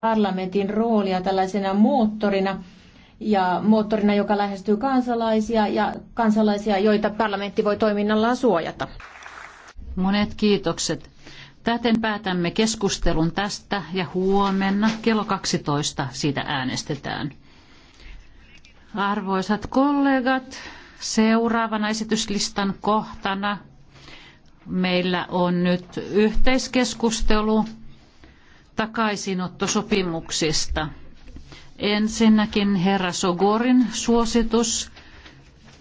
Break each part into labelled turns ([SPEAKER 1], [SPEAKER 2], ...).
[SPEAKER 1] parlamentin roolia tällaisena moottorina ja moottorina, joka lähestyy kansalaisia ja kansalaisia, joita parlamentti voi toiminnallaan suojata.
[SPEAKER 2] Monet kiitokset. Täten päätämme keskustelun tästä ja huomenna kello 12 siitä äänestetään. Arvoisat kollegat, seuraavana esityslistan kohtana meillä on nyt yhteiskeskustelu takaisinottosopimuksista. Ensinnäkin herra Sogorin suositus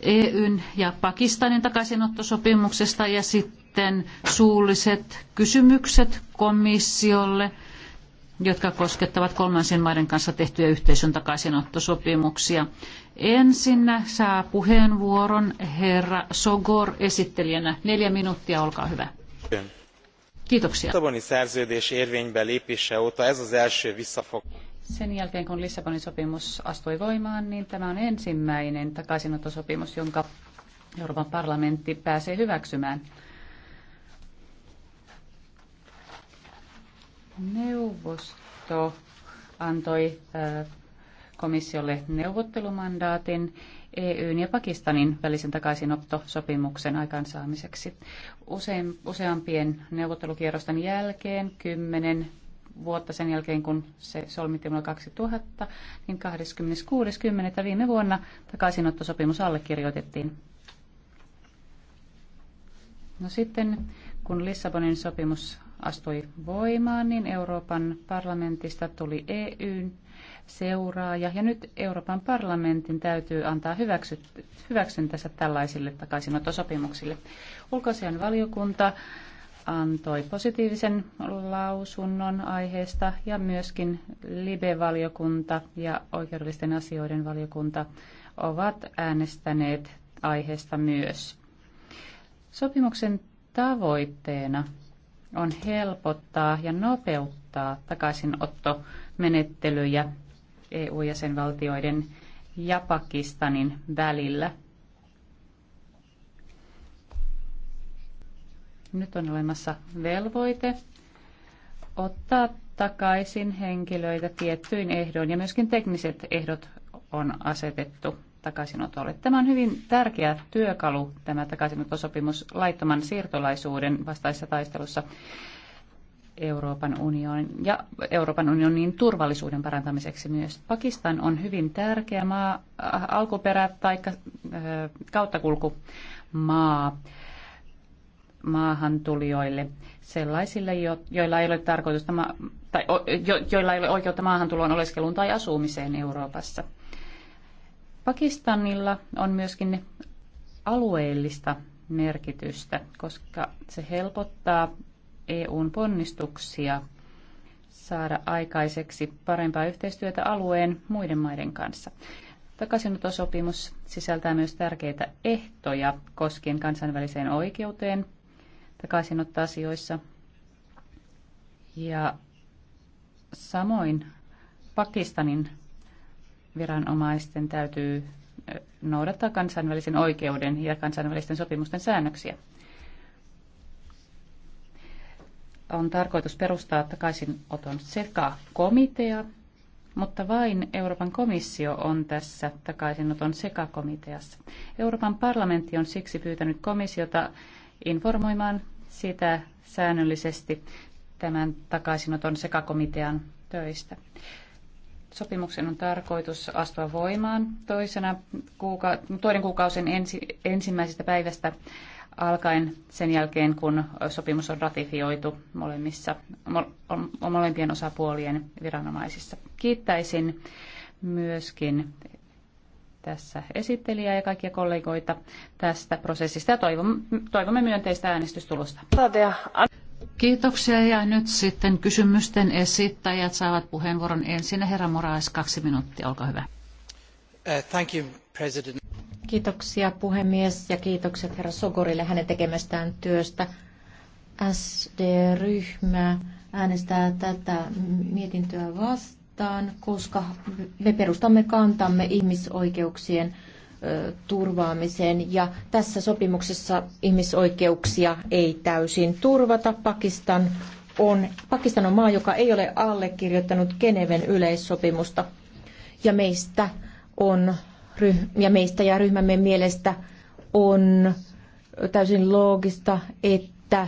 [SPEAKER 2] EUn ja Pakistanin takaisinottosopimuksesta ja sitten suulliset kysymykset komissiolle, jotka koskettavat kolmansien maiden kanssa tehtyjä yhteisön takaisinottosopimuksia. Ensinnä saa puheenvuoron herra Sogor esittelijänä. Neljä minuuttia, olkaa hyvä. Kiitos. Kiitoksia. Lissabonin
[SPEAKER 1] szerződés érvénybe lépése óta ez az első visszafog...
[SPEAKER 2] Sen jälkeen, kun sopimus astui voimaan, niin tämä on ensimmäinen takaisinottosopimus, jonka Euroopan parlamentti pääsee hyväksymään. Neuvosto antoi äh, komissiolle neuvottelumandaatin EUn ja Pakistanin välisen takaisinottosopimuksen aikaansaamiseksi. Usein, useampien neuvottelukierrosten jälkeen, kymmenen vuotta sen jälkeen, kun se solmittiin vuonna 2000, niin 26.10. viime vuonna takaisinottosopimus allekirjoitettiin. No sitten, kun Lissabonin sopimus astui voimaan, niin Euroopan parlamentista tuli EUn seuraaja. Ja nyt Euroopan parlamentin täytyy antaa hyväksyntänsä tällaisille takaisinottosopimuksille. Ulkoasian valiokunta antoi positiivisen lausunnon aiheesta ja myöskin LIBE-valiokunta ja oikeudellisten asioiden valiokunta ovat äänestäneet aiheesta myös. Sopimuksen tavoitteena on helpottaa ja nopeuttaa takaisinottomenettelyjä EU-jäsenvaltioiden ja Pakistanin välillä. Nyt on olemassa velvoite ottaa takaisin henkilöitä tiettyin ehdoin ja myöskin tekniset ehdot on asetettu takaisinotolle. Tämä on hyvin tärkeä työkalu, tämä takaisinottosopimus laittoman siirtolaisuuden vastaisessa taistelussa. Euroopan, unionin ja Euroopan unionin turvallisuuden parantamiseksi myös. Pakistan on hyvin tärkeä maa, äh, alkuperä tai äh, maa maahantulijoille, sellaisille, jo, joilla ei ole tarkoitusta tai jo, joilla ei ole oikeutta maahantuloon, oleskeluun tai asumiseen Euroopassa. Pakistanilla on myöskin alueellista merkitystä, koska se helpottaa EUn ponnistuksia saada aikaiseksi parempaa yhteistyötä alueen muiden maiden kanssa. Takaisinotosopimus sisältää myös tärkeitä ehtoja koskien kansainväliseen oikeuteen takaisinottoasioissa. Ja samoin Pakistanin viranomaisten täytyy noudattaa kansainvälisen oikeuden ja kansainvälisten sopimusten säännöksiä. on tarkoitus perustaa takaisinoton sekakomitea, mutta vain Euroopan komissio on tässä takaisinoton sekakomiteassa. Euroopan parlamentti on siksi pyytänyt komissiota informoimaan sitä säännöllisesti tämän takaisinoton sekakomitean töistä. Sopimuksen on tarkoitus astua voimaan toisena kuuka- toinen kuukausen ensi- ensimmäisestä päivästä alkaen sen jälkeen, kun sopimus on ratifioitu molemmissa, molempien osapuolien viranomaisissa. Kiittäisin myöskin tässä esittelijää ja kaikkia kollegoita tästä prosessista ja toivomme myönteistä äänestystulosta. Kiitoksia ja nyt sitten kysymysten esittäjät saavat puheenvuoron ensin. Herra Moraes, kaksi minuuttia, olkaa hyvä. Uh, thank you, President.
[SPEAKER 1] Kiitoksia puhemies ja kiitokset herra Sogorille hänen tekemästään työstä. SD-ryhmä äänestää tätä mietintöä vastaan, koska me perustamme kantamme ihmisoikeuksien turvaamiseen. Ja tässä sopimuksessa ihmisoikeuksia ei täysin turvata. Pakistan on, Pakistan on maa, joka ei ole allekirjoittanut Geneven yleissopimusta. Ja meistä on ja meistä ja ryhmämme mielestä on täysin loogista, että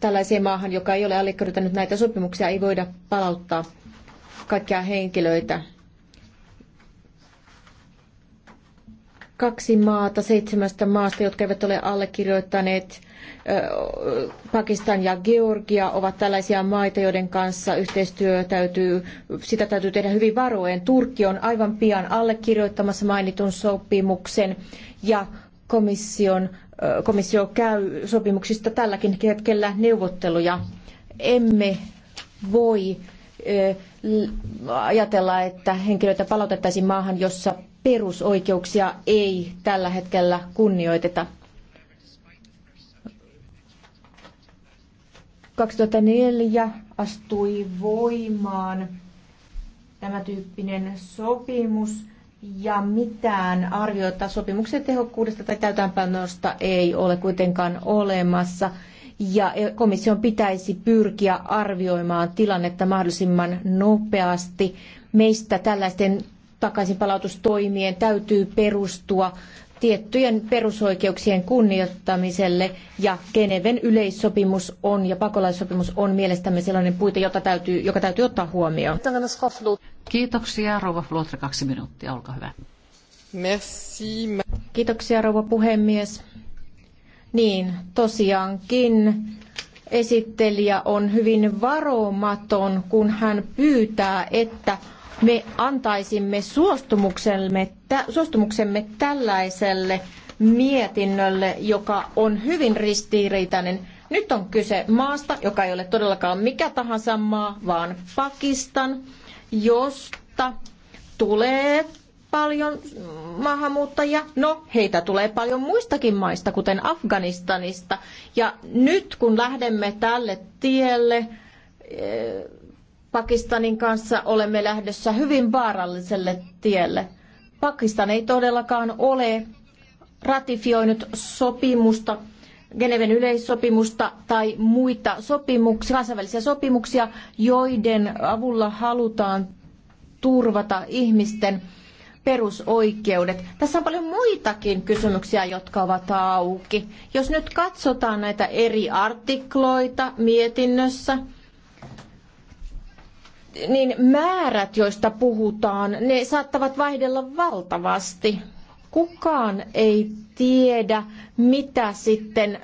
[SPEAKER 1] tällaiseen maahan, joka ei ole allekirjoittanut näitä sopimuksia, ei voida palauttaa kaikkia henkilöitä. Kaksi maata seitsemästä maasta, jotka eivät ole allekirjoittaneet Pakistan ja Georgia ovat tällaisia maita, joiden kanssa yhteistyö täytyy, sitä täytyy tehdä hyvin varoen. Turkki on aivan pian allekirjoittamassa mainitun sopimuksen ja komission, komissio käy sopimuksista tälläkin hetkellä neuvotteluja. Emme voi ajatella, että henkilöitä palautettaisiin maahan, jossa perusoikeuksia ei tällä hetkellä kunnioiteta. 2004 astui voimaan tämä tyyppinen sopimus ja mitään arviota sopimuksen tehokkuudesta tai täytäntöönpanosta ei ole kuitenkaan olemassa. Ja e, komission pitäisi pyrkiä arvioimaan tilannetta mahdollisimman nopeasti. Meistä tällaisten takaisinpalautustoimien täytyy perustua tiettyjen perusoikeuksien kunnioittamiselle ja Geneven yleissopimus on ja pakolaissopimus on mielestämme sellainen puite, jota täytyy, joka täytyy ottaa huomioon.
[SPEAKER 2] Kiitoksia, rouva Flotre, kaksi minuuttia, olkaa hyvä.
[SPEAKER 1] Merci. Kiitoksia, rouva puhemies. Niin, tosiaankin esittelijä on hyvin varomaton, kun hän pyytää, että me antaisimme suostumuksemme, suostumuksemme tällaiselle mietinnölle, joka on hyvin ristiriitainen. Nyt on kyse maasta, joka ei ole todellakaan mikä tahansa maa, vaan Pakistan, josta tulee paljon maahanmuuttajia. No, heitä tulee paljon muistakin maista, kuten Afganistanista. Ja nyt kun lähdemme tälle tielle, eh, Pakistanin kanssa olemme lähdössä hyvin vaaralliselle tielle. Pakistan ei todellakaan ole ratifioinut sopimusta, Geneven yleissopimusta tai muita sopimuksia, kansainvälisiä sopimuksia, joiden avulla halutaan turvata ihmisten perusoikeudet. Tässä on paljon muitakin kysymyksiä, jotka ovat auki. Jos nyt katsotaan näitä eri artikloita mietinnössä, niin määrät, joista puhutaan, ne saattavat vaihdella valtavasti. Kukaan ei tiedä, mitä sitten äh,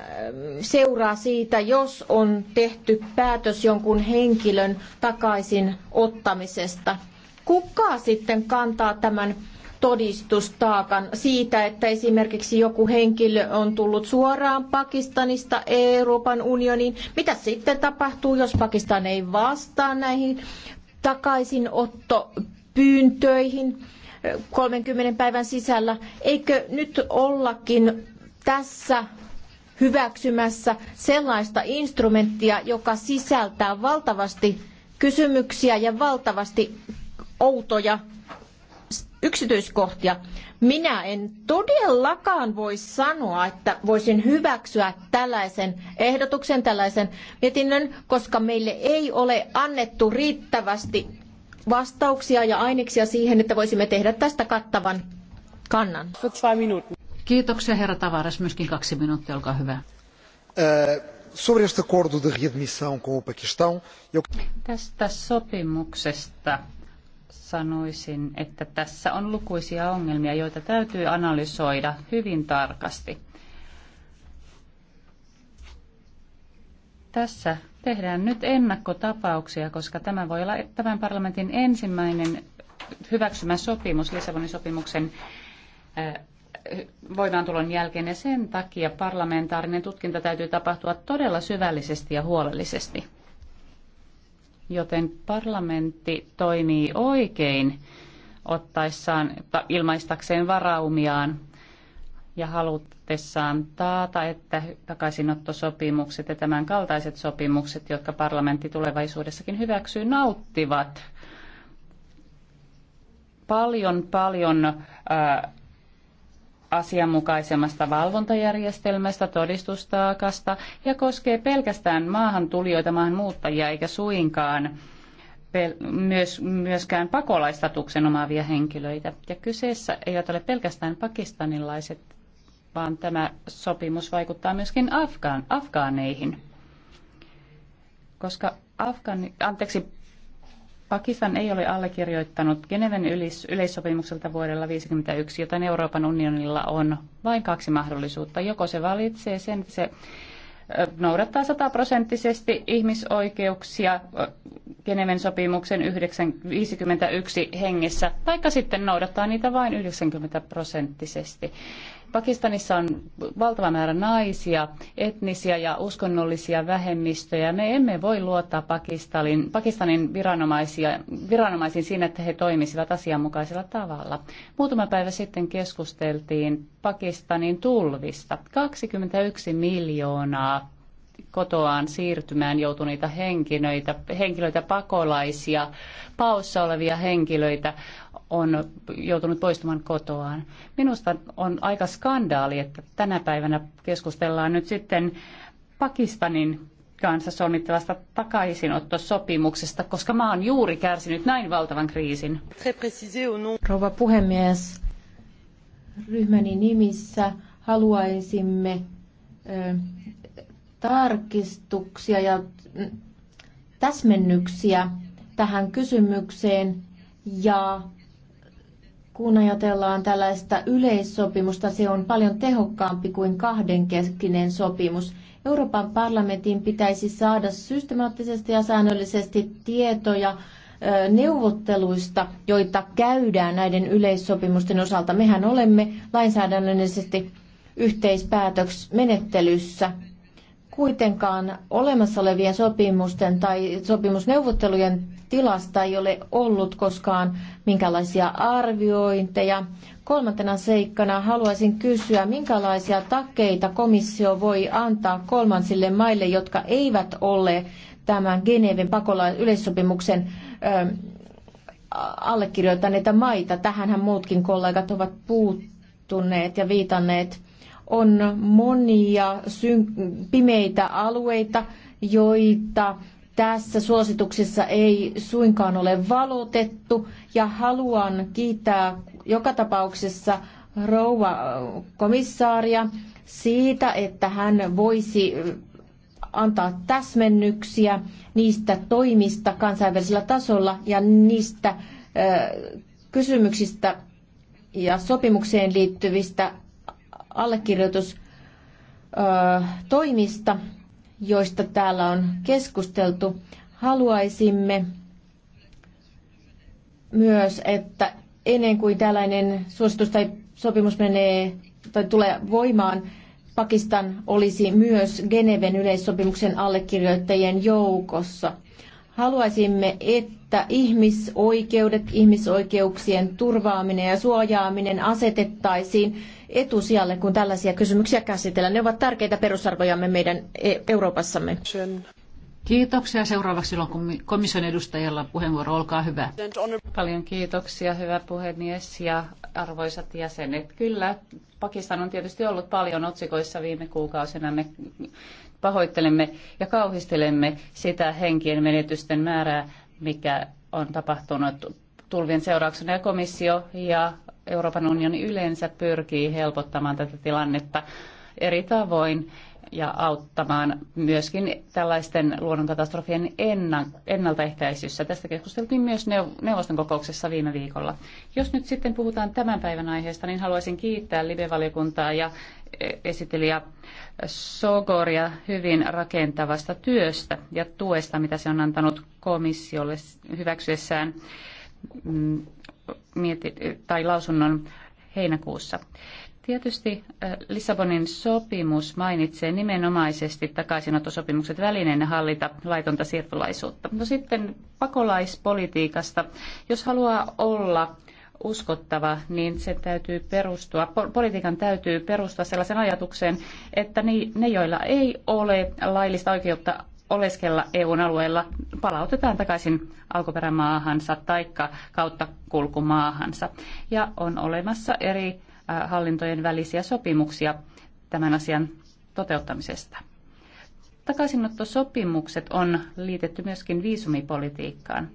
[SPEAKER 1] seuraa siitä, jos on tehty päätös jonkun henkilön takaisin ottamisesta. Kuka sitten kantaa tämän todistustaakan siitä, että esimerkiksi joku henkilö on tullut suoraan Pakistanista Euroopan unioniin. Mitä sitten tapahtuu, jos Pakistan ei vastaa näihin takaisinottopyyntöihin 30 päivän sisällä. Eikö nyt ollakin tässä hyväksymässä sellaista instrumenttia, joka sisältää valtavasti kysymyksiä ja valtavasti outoja yksityiskohtia. Minä en todellakaan voi sanoa, että voisin hyväksyä tällaisen ehdotuksen, tällaisen mietinnön, koska meille ei ole annettu riittävästi vastauksia ja aineksia siihen, että voisimme tehdä tästä kattavan
[SPEAKER 2] kannan. Kiitoksia herra Tavares, myöskin kaksi minuuttia, olkaa hyvä. Eh, sobre este acordo de readmissão com o Paquistão, Tästä sopimuksesta sanoisin, että tässä on lukuisia ongelmia, joita täytyy analysoida hyvin tarkasti. Tässä tehdään nyt ennakkotapauksia, koska tämä voi olla tämän parlamentin ensimmäinen hyväksymä sopimus Lissabonin sopimuksen äh, voimaantulon jälkeen ja sen takia parlamentaarinen tutkinta täytyy tapahtua todella syvällisesti ja huolellisesti joten parlamentti toimii oikein ottaessaan ilmaistakseen varaumiaan ja halutessaan taata, että takaisinottosopimukset ja tämän kaltaiset sopimukset, jotka parlamentti tulevaisuudessakin hyväksyy, nauttivat paljon paljon äh, asianmukaisemmasta valvontajärjestelmästä, todistustaakasta ja koskee pelkästään maahantulijoita, maahanmuuttajia eikä suinkaan myös, myöskään pakolaistatuksen omaavia henkilöitä. Ja kyseessä eivät ole pelkästään pakistanilaiset, vaan tämä sopimus vaikuttaa myöskin Afgaan, afgaaneihin. Koska Afgani, anteeksi, Pakistan ei ole allekirjoittanut Geneven yleissopimukselta vuodella 1951, joten Euroopan unionilla on vain kaksi mahdollisuutta. Joko se valitsee sen, että se noudattaa sataprosenttisesti ihmisoikeuksia Geneven sopimuksen 51 hengessä, taikka sitten noudattaa niitä vain 90 prosenttisesti. Pakistanissa on valtava määrä naisia, etnisiä ja uskonnollisia vähemmistöjä. Me emme voi luottaa Pakistanin, Pakistanin viranomaisia, viranomaisiin siinä, että he toimisivat asianmukaisella tavalla. Muutama päivä sitten keskusteltiin Pakistanin tulvista. 21 miljoonaa kotoaan siirtymään joutuneita henkilöitä, henkilöitä pakolaisia, paossa olevia henkilöitä on joutunut poistumaan kotoaan. Minusta on aika skandaali, että tänä päivänä keskustellaan nyt sitten Pakistanin kanssa solmittavasta takaisinottosopimuksesta, koska maa on juuri kärsinyt näin valtavan kriisin.
[SPEAKER 1] Rouva puhemies, ryhmäni nimissä haluaisimme ö, tarkistuksia ja mm, täsmennyksiä tähän kysymykseen ja kun ajatellaan tällaista yleissopimusta, se on paljon tehokkaampi kuin kahdenkeskinen sopimus. Euroopan parlamentin pitäisi saada systemaattisesti ja säännöllisesti tietoja neuvotteluista, joita käydään näiden yleissopimusten osalta. Mehän olemme lainsäädännöllisesti yhteispäätöksmenettelyssä. Kuitenkaan olemassa olevien sopimusten tai sopimusneuvottelujen tilasta ei ole ollut koskaan minkälaisia arviointeja. Kolmantena seikkana haluaisin kysyä, minkälaisia takeita komissio voi antaa kolmansille maille, jotka eivät ole tämän Geneven pakolaisyleissopimuksen yleissopimuksen ö, allekirjoittaneita maita. Tähänhän muutkin kollegat ovat puuttuneet ja viitanneet. On monia syn- pimeitä alueita, joita tässä suosituksessa ei suinkaan ole valotettu ja haluan kiittää joka tapauksessa rouva äh, komissaaria siitä, että hän voisi äh, antaa täsmennyksiä niistä toimista kansainvälisellä tasolla ja niistä äh, kysymyksistä ja sopimukseen liittyvistä allekirjoitustoimista, joista täällä on keskusteltu. Haluaisimme myös, että ennen kuin tällainen suositus tai sopimus menee tai tulee voimaan, Pakistan olisi myös Geneven yleissopimuksen allekirjoittajien joukossa. Haluaisimme, että ihmisoikeudet, ihmisoikeuksien turvaaminen ja suojaaminen asetettaisiin etusijalle, kun tällaisia kysymyksiä käsitellään. Ne ovat tärkeitä perusarvojamme meidän e- Euroopassamme.
[SPEAKER 2] Kiitoksia. Seuraavaksi on komission edustajalla puheenvuoro. Olkaa hyvä. Paljon kiitoksia, hyvä puhemies ja arvoisat jäsenet. Kyllä, Pakistan on tietysti ollut paljon otsikoissa viime kuukausina. Me pahoittelemme ja kauhistelemme sitä henkien menetysten määrää, mikä on tapahtunut tulvien seurauksena. Ja komissio ja Euroopan unioni yleensä pyrkii helpottamaan tätä tilannetta eri tavoin ja auttamaan myöskin tällaisten luonnonkatastrofien ennaltaehkäisyssä. Tästä keskusteltiin myös neuvoston kokouksessa viime viikolla. Jos nyt sitten puhutaan tämän päivän aiheesta, niin haluaisin kiittää live-valiokuntaa ja e, esittelijä Sogoria hyvin rakentavasta työstä ja tuesta, mitä se on antanut komissiolle hyväksyessään Mm, mieti, tai lausunnon heinäkuussa. Tietysti äh, Lissabonin sopimus mainitsee nimenomaisesti takaisinottosopimukset välineenä hallita laitonta siirtolaisuutta. No sitten pakolaispolitiikasta. Jos haluaa olla uskottava, niin se täytyy perustua, politiikan täytyy perustua sellaisen ajatukseen, että ne, joilla ei ole laillista oikeutta oleskella EUn alueella palautetaan takaisin alkuperämaahansa tai kautta kulkumaahansa. Ja on olemassa eri hallintojen välisiä sopimuksia tämän asian toteuttamisesta. Takaisinottosopimukset on liitetty myöskin viisumipolitiikkaan.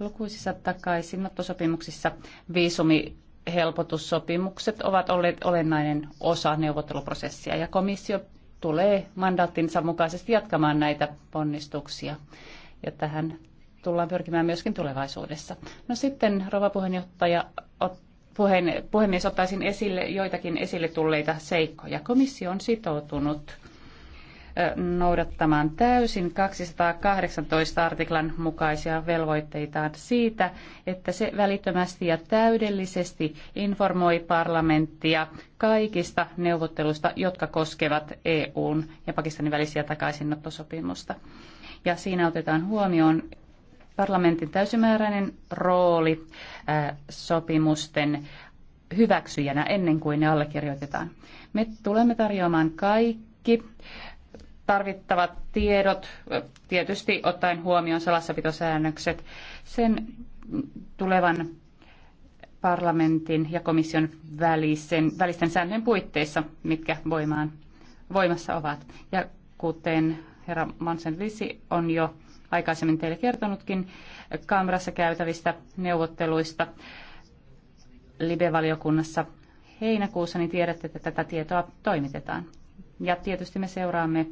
[SPEAKER 2] Lukuisissa takaisinottosopimuksissa viisumi helpotussopimukset ovat olleet olennainen osa neuvotteluprosessia ja komissio tulee mandaattinsa mukaisesti jatkamaan näitä ponnistuksia. Ja tähän tullaan pyrkimään myöskin tulevaisuudessa. No sitten, rouva puheenjohtaja, puheen, puhemies, ottaisin esille joitakin esille tulleita seikkoja. Komissio on sitoutunut noudattamaan täysin 218 artiklan mukaisia velvoitteitaan siitä, että se välittömästi ja täydellisesti informoi parlamenttia kaikista neuvotteluista, jotka koskevat EUn ja Pakistanin välisiä takaisinottosopimusta. Ja siinä otetaan huomioon parlamentin täysimääräinen rooli sopimusten hyväksyjänä ennen kuin ne allekirjoitetaan. Me tulemme tarjoamaan kaikki kaikki tarvittavat tiedot, tietysti ottaen huomioon salassapitosäännökset, sen tulevan parlamentin ja komission välisen, välisten säännön puitteissa, mitkä voimaan, voimassa ovat. Ja kuten herra Mansen Lisi on jo aikaisemmin teille kertonutkin, kamerassa käytävistä neuvotteluista Libe-valiokunnassa heinäkuussa, niin tiedätte, että tätä tietoa toimitetaan. Ja tietysti me seuraamme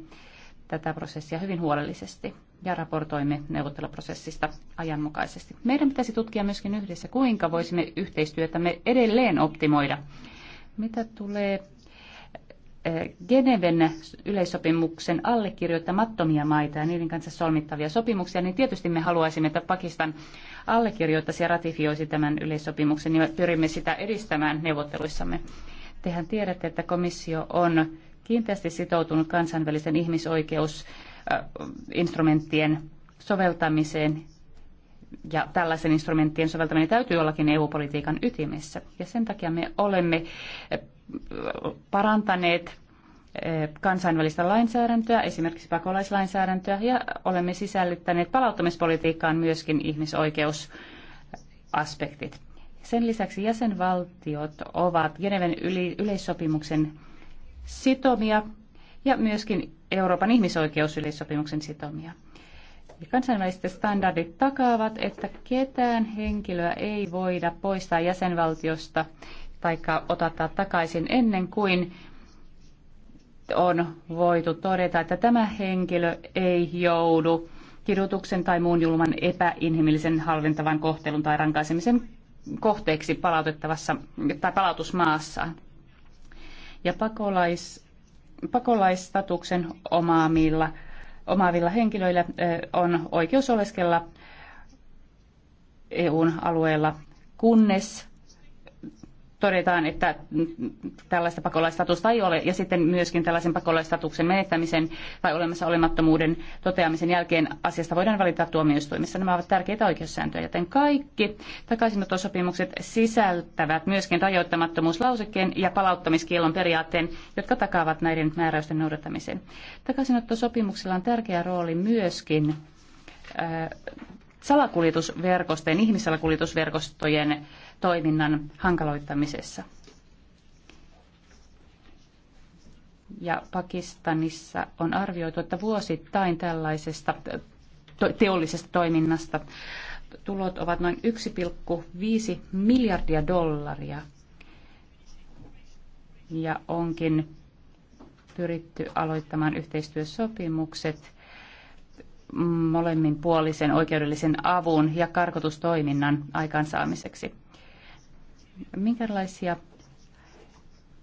[SPEAKER 2] tätä prosessia hyvin huolellisesti ja raportoimme neuvotteluprosessista ajanmukaisesti. Meidän pitäisi tutkia myöskin yhdessä, kuinka voisimme yhteistyötämme edelleen optimoida. Mitä tulee eh, Geneven yleissopimuksen allekirjoittamattomia maita ja niiden kanssa solmittavia sopimuksia, niin tietysti me haluaisimme, että Pakistan allekirjoittaisi ja ratifioisi tämän yleissopimuksen niin me pyrimme sitä edistämään neuvotteluissamme. Tehän tiedätte, että komissio on kiinteästi sitoutunut kansainvälisen ihmisoikeusinstrumenttien soveltamiseen ja tällaisen instrumenttien soveltaminen täytyy ollakin EU-politiikan ytimessä. Ja sen takia me olemme eh, parantaneet eh, kansainvälistä lainsäädäntöä, esimerkiksi pakolaislainsäädäntöä, ja olemme sisällyttäneet palauttamispolitiikkaan myöskin ihmisoikeusaspektit. Sen lisäksi jäsenvaltiot ovat Geneven yleissopimuksen sitomia ja myöskin Euroopan ihmisoikeusyleissopimuksen sitomia. Ja kansainväliset standardit takaavat, että ketään henkilöä ei voida poistaa jäsenvaltiosta tai ottaa takaisin ennen kuin on voitu todeta, että tämä henkilö ei joudu kidutuksen tai muun julman epäinhimillisen halventavan kohtelun tai rankaisemisen kohteeksi palautettavassa tai palautusmaassaan ja pakolais, pakolaistatuksen omaavilla, omaavilla henkilöillä on oikeus oleskella EUn alueella, kunnes todetaan, että tällaista pakolaistatusta ei ole, ja sitten myöskin tällaisen pakolaistatuksen menettämisen tai olemassa olemattomuuden toteamisen jälkeen asiasta voidaan valittaa tuomioistuimissa. Nämä ovat tärkeitä oikeussääntöjä, joten kaikki takaisinottosopimukset sisältävät myöskin rajoittamattomuuslausekkeen ja palauttamiskielon periaatteen, jotka takaavat näiden määräysten noudattamisen. Takaisinottosopimuksilla on tärkeä rooli myöskin äh, salakuljetusverkostojen, ihmissalakuljetusverkostojen toiminnan hankaloittamisessa. Ja Pakistanissa on arvioitu, että vuosittain tällaisesta teollisesta toiminnasta tulot ovat noin 1,5 miljardia dollaria. Ja onkin pyritty aloittamaan yhteistyösopimukset molemmin puolisen oikeudellisen avun ja karkotustoiminnan aikaansaamiseksi. Minkälaisia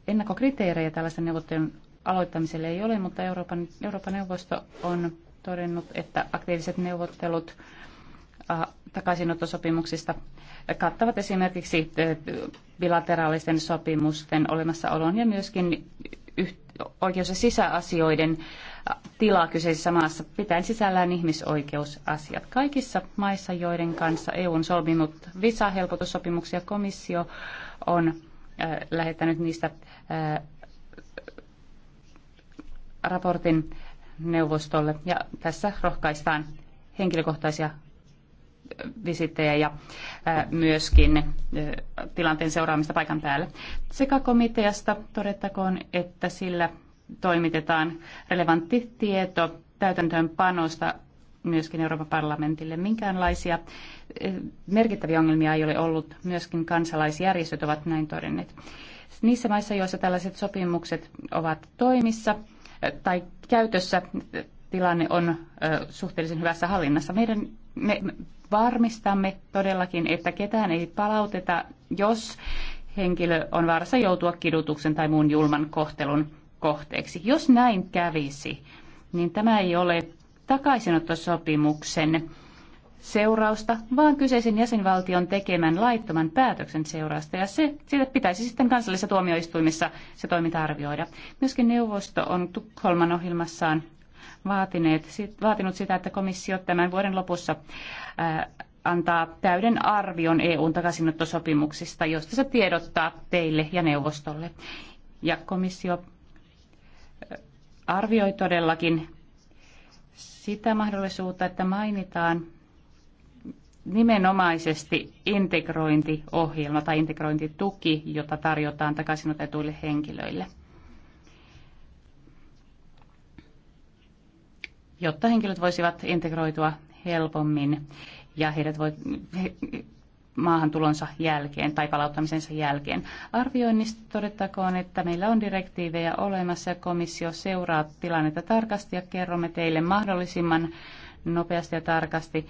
[SPEAKER 2] ennakkokriteerejä tällaisen neuvottelun aloittamiselle ei ole, mutta Euroopan, Euroopan neuvosto on todennut, että aktiiviset neuvottelut äh, takaisinottosopimuksista kattavat esimerkiksi äh, bilateraalisten sopimusten olemassaolon ja myöskin oikeus- ja sisäasioiden tilaa kyseisessä maassa, pitäen sisällään ihmisoikeusasiat. Kaikissa maissa, joiden kanssa EU on solminut visahelpotussopimuksia, komissio on äh, lähettänyt niistä äh, raportin neuvostolle. Ja tässä rohkaistaan henkilökohtaisia äh, visittejä ja äh, myöskin äh, tilanteen seuraamista paikan päällä. Sekä komiteasta todettakoon, että sillä toimitetaan relevantti tieto täytäntöönpanosta myöskin Euroopan parlamentille. Minkäänlaisia eh, merkittäviä ongelmia ei ole ollut, myöskin kansalaisjärjestöt ovat näin todenneet. Niissä maissa, joissa tällaiset sopimukset ovat toimissa eh, tai käytössä, tilanne on eh, suhteellisen hyvässä hallinnassa. Meidän, me varmistamme todellakin, että ketään ei palauteta, jos henkilö on vaarassa joutua kidutuksen tai muun julman kohtelun kohteeksi. Jos näin kävisi, niin tämä ei ole takaisinottosopimuksen seurausta, vaan kyseisen jäsenvaltion tekemän laittoman päätöksen seurausta, ja se, siitä pitäisi sitten kansallisessa tuomioistuimissa se toiminta arvioida. Myöskin neuvosto on Tukholman ohjelmassaan vaatineet, vaatinut sitä, että komissio tämän vuoden lopussa ää, antaa täyden arvion EUn takaisinottosopimuksista, josta se tiedottaa teille ja neuvostolle. Ja komissio arvioi todellakin sitä mahdollisuutta, että mainitaan nimenomaisesti integrointiohjelma tai integrointituki, jota tarjotaan takaisinotetuille henkilöille. jotta henkilöt voisivat integroitua helpommin ja heidät voi, maahantulonsa jälkeen tai palauttamisensa jälkeen. Arvioinnista todettakoon, että meillä on direktiivejä olemassa ja komissio seuraa tilannetta tarkasti ja kerromme teille mahdollisimman nopeasti ja tarkasti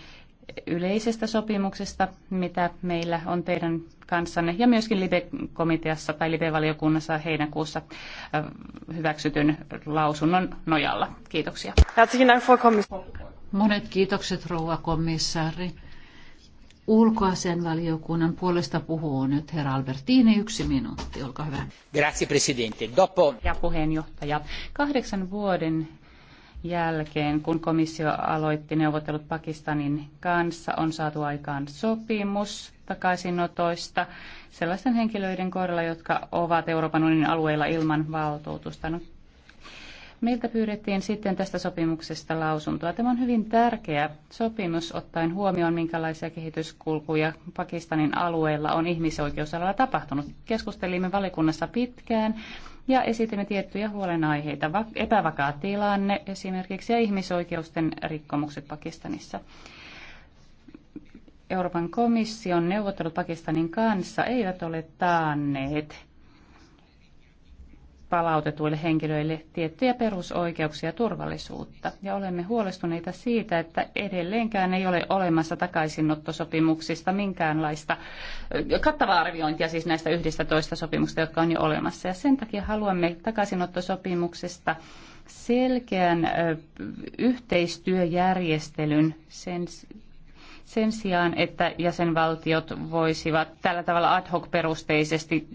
[SPEAKER 2] yleisestä sopimuksesta, mitä meillä on teidän kanssanne ja myöskin LIBE-komiteassa tai LIBE-valiokunnassa heinäkuussa hyväksytyn lausunnon nojalla. Kiitoksia. Monet kiitokset rouva komissaari. Ulkoasianvaliokunnan puolesta puhuu nyt herra Albertini, yksi minuutti, olkaa hyvä. Grazie presidente. Dopo... Ja puheenjohtaja, kahdeksan vuoden jälkeen, kun komissio aloitti neuvottelut Pakistanin kanssa, on saatu aikaan sopimus takaisinotoista sellaisten henkilöiden kohdalla, jotka ovat Euroopan unionin alueella ilman valtuutusta. No, Meiltä pyydettiin sitten tästä sopimuksesta lausuntoa. Tämä on hyvin tärkeä sopimus ottaen huomioon, minkälaisia kehityskulkuja Pakistanin alueella on ihmisoikeusalalla tapahtunut. Keskustelimme valikunnassa pitkään ja esitimme tiettyjä huolenaiheita, epävakaa tilanne esimerkiksi ja ihmisoikeusten rikkomukset Pakistanissa. Euroopan komission neuvottelut Pakistanin kanssa eivät ole taanneet palautetuille henkilöille tiettyjä perusoikeuksia ja turvallisuutta. Ja olemme huolestuneita siitä, että edelleenkään ei ole olemassa takaisinottosopimuksista minkäänlaista kattavaa arviointia siis näistä 11 sopimuksista, jotka on jo olemassa. Ja sen takia haluamme takaisinottosopimuksesta selkeän yhteistyöjärjestelyn sen sen sijaan, että jäsenvaltiot voisivat tällä tavalla ad hoc perusteisesti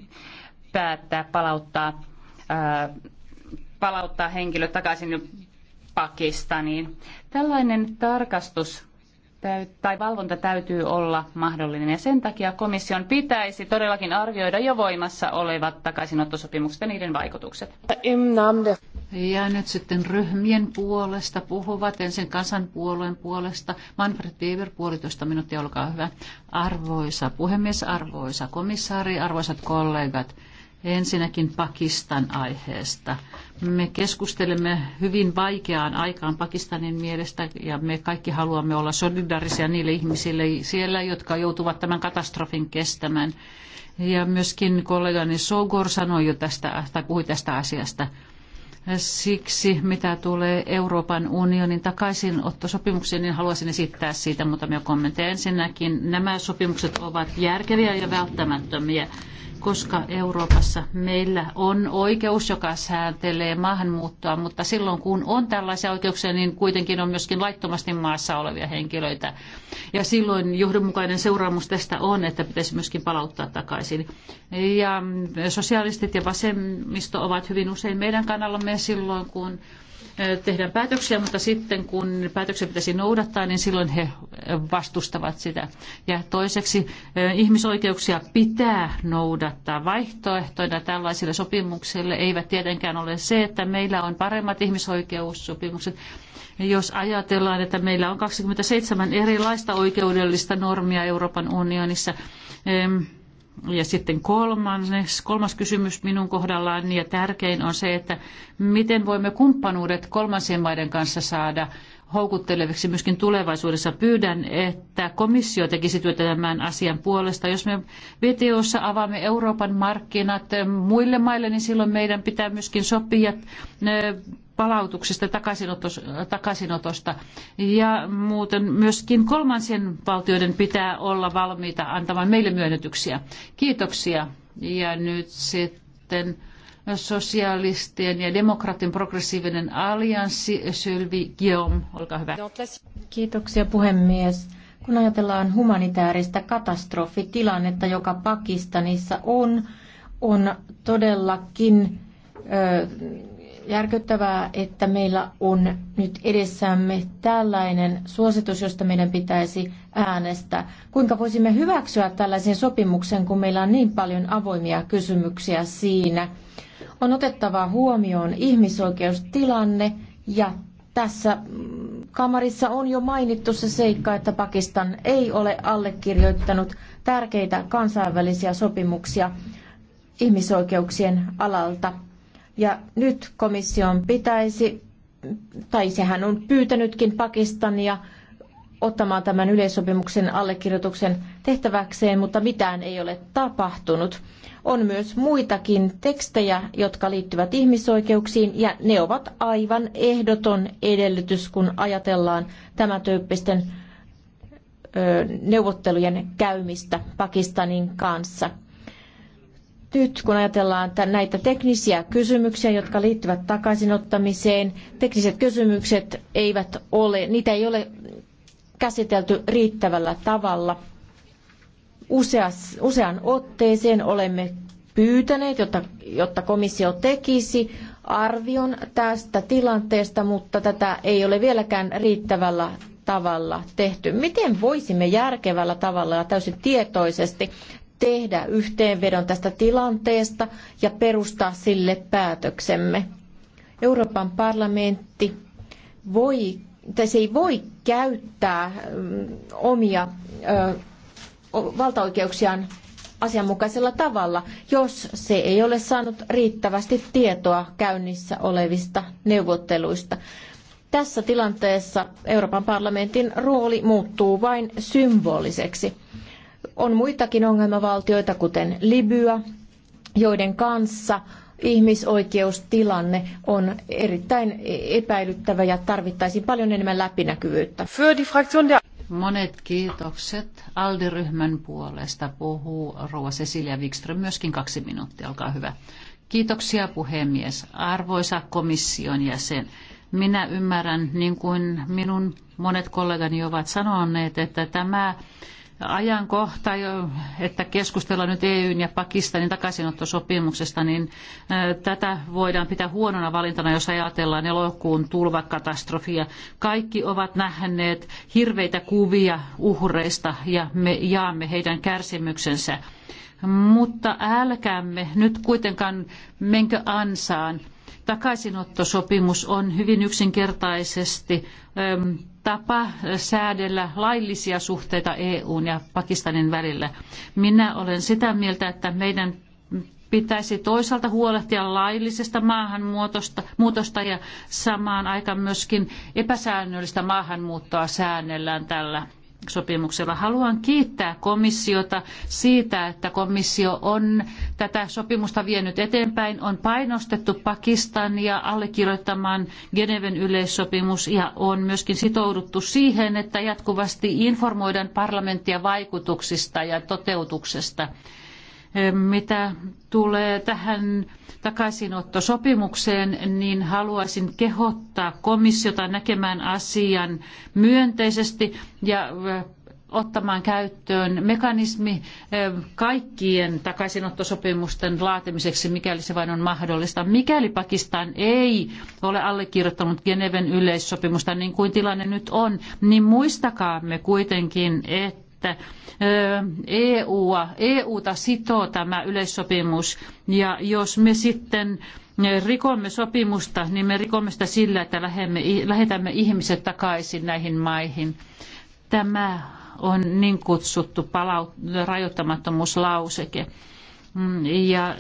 [SPEAKER 2] päättää palauttaa palauttaa henkilö takaisin Pakistaniin. Tällainen tarkastus tai valvonta täytyy olla mahdollinen ja sen takia komission pitäisi todellakin arvioida jo voimassa olevat takaisinottosopimukset ja niiden vaikutukset. Ja nyt sitten ryhmien puolesta puhuvat, ensin kansanpuolueen puolesta. Manfred Weber, puolitoista minuuttia, olkaa hyvä. Arvoisa puhemies, arvoisa komissaari, arvoisat kollegat. Ensinnäkin Pakistan aiheesta. Me keskustelemme hyvin vaikeaan aikaan Pakistanin mielestä ja me kaikki haluamme olla solidarisia niille ihmisille siellä, jotka joutuvat tämän katastrofin kestämään. Ja myöskin kollegani Sogor sanoi jo tästä, tai puhui tästä asiasta. Siksi, mitä tulee Euroopan unionin takaisinottosopimuksiin, niin haluaisin esittää siitä muutamia kommentteja. Ensinnäkin nämä sopimukset ovat järkeviä ja välttämättömiä koska Euroopassa meillä on oikeus, joka sääntelee maahanmuuttoa, mutta silloin kun on tällaisia oikeuksia, niin kuitenkin on myöskin laittomasti maassa olevia henkilöitä. Ja silloin johdonmukainen seuraamus tästä on, että pitäisi myöskin palauttaa takaisin. Ja sosialistit ja vasemmisto ovat hyvin usein meidän kannallamme silloin, kun tehdään päätöksiä, mutta sitten kun päätöksiä pitäisi noudattaa, niin silloin he vastustavat sitä. Ja toiseksi ihmisoikeuksia pitää noudattaa. Vaihtoehtoina tällaisille sopimuksille eivät tietenkään ole se, että meillä on paremmat ihmisoikeussopimukset. Jos ajatellaan, että meillä on 27 erilaista oikeudellista normia Euroopan unionissa, ja sitten kolmannes, kolmas kysymys minun kohdallaan ja tärkein on se, että miten voimme kumppanuudet kolmansien maiden kanssa saada houkutteleviksi myöskin tulevaisuudessa. Pyydän, että komissio tekisi työtä tämän asian puolesta. Jos me videossa avaamme Euroopan markkinat muille maille, niin silloin meidän pitää myöskin sopia palautuksesta takaisinotosta. Ja muuten myöskin kolmansien valtioiden pitää olla valmiita antamaan meille myönnytyksiä. Kiitoksia. Ja nyt sitten sosialistien ja demokraattien progressiivinen allianssi, Sylvi Guillaume, olkaa hyvä. Kiitoksia
[SPEAKER 1] puhemies. Kun ajatellaan humanitaarista katastrofitilannetta, joka Pakistanissa on, on todellakin järkyttävää, että meillä on nyt edessämme tällainen suositus, josta meidän pitäisi äänestää. Kuinka voisimme hyväksyä tällaisen sopimuksen, kun meillä on niin paljon avoimia kysymyksiä siinä? On otettava huomioon ihmisoikeustilanne ja tässä mm, kamarissa on jo mainittu se seikka, että Pakistan ei ole allekirjoittanut tärkeitä kansainvälisiä sopimuksia ihmisoikeuksien alalta. Ja nyt komission pitäisi, tai sehän on pyytänytkin Pakistania ottamaan tämän yleissopimuksen allekirjoituksen tehtäväkseen, mutta mitään ei ole tapahtunut. On myös muitakin tekstejä, jotka liittyvät ihmisoikeuksiin, ja ne ovat aivan ehdoton edellytys, kun ajatellaan tämän tyyppisten neuvottelujen käymistä Pakistanin kanssa nyt kun ajatellaan näitä teknisiä kysymyksiä, jotka liittyvät takaisinottamiseen, tekniset kysymykset eivät ole, niitä ei ole käsitelty riittävällä tavalla. Useas, usean otteeseen olemme pyytäneet, jotta, jotta komissio tekisi arvion tästä tilanteesta, mutta tätä ei ole vieläkään riittävällä tavalla tehty. Miten voisimme järkevällä tavalla ja täysin tietoisesti tehdä yhteenvedon tästä tilanteesta ja perustaa sille päätöksemme. Euroopan parlamentti voi, tai se ei voi käyttää mm, omia ö, valtaoikeuksiaan asianmukaisella tavalla, jos se ei ole saanut riittävästi tietoa käynnissä olevista neuvotteluista. Tässä tilanteessa Euroopan parlamentin rooli muuttuu vain symboliseksi. On muitakin ongelmavaltioita, kuten Libya, joiden kanssa ihmisoikeustilanne on erittäin epäilyttävä ja tarvittaisiin paljon enemmän läpinäkyvyyttä.
[SPEAKER 2] Monet kiitokset. Alderyhmän puolesta puhuu Rouva Cecilia Wikström myöskin kaksi minuuttia. Olkaa hyvä. Kiitoksia puhemies. Arvoisa komission jäsen, minä ymmärrän, niin kuin minun monet kollegani ovat sanoneet, että tämä ajankohta, että keskustellaan nyt EUn ja Pakistanin takaisinottosopimuksesta, niin tätä voidaan pitää huonona valintana, jos ajatellaan elokuun tulvakatastrofia. Kaikki ovat nähneet hirveitä kuvia uhreista ja me jaamme heidän kärsimyksensä. Mutta älkäämme nyt kuitenkaan menkö ansaan. Takaisinottosopimus on hyvin yksinkertaisesti ähm, tapa säädellä laillisia suhteita EUn ja Pakistanin välillä. Minä olen sitä mieltä, että meidän pitäisi toisaalta huolehtia laillisesta maahanmuutosta ja samaan aikaan myöskin epäsäännöllistä maahanmuuttoa säännellään tällä sopimuksella. Haluan kiittää komissiota siitä, että komissio on tätä sopimusta vienyt eteenpäin. On painostettu Pakistania allekirjoittamaan Geneven yleissopimus ja on myöskin sitouduttu siihen, että jatkuvasti informoidaan parlamenttia vaikutuksista ja toteutuksesta. Mitä tulee tähän takaisinottosopimukseen, niin haluaisin kehottaa komissiota näkemään asian myönteisesti ja ottamaan käyttöön mekanismi kaikkien takaisinottosopimusten laatimiseksi, mikäli se vain on mahdollista. Mikäli Pakistan ei ole allekirjoittanut Geneven yleissopimusta niin kuin tilanne nyt on, niin muistakaamme kuitenkin, että että EU EUta sitoo tämä yleissopimus ja jos me sitten rikomme sopimusta, niin me rikomme sitä sillä, että lähetämme ihmiset takaisin näihin maihin. Tämä on niin kutsuttu palaut- rajoittamattomuuslauseke. Mm, ja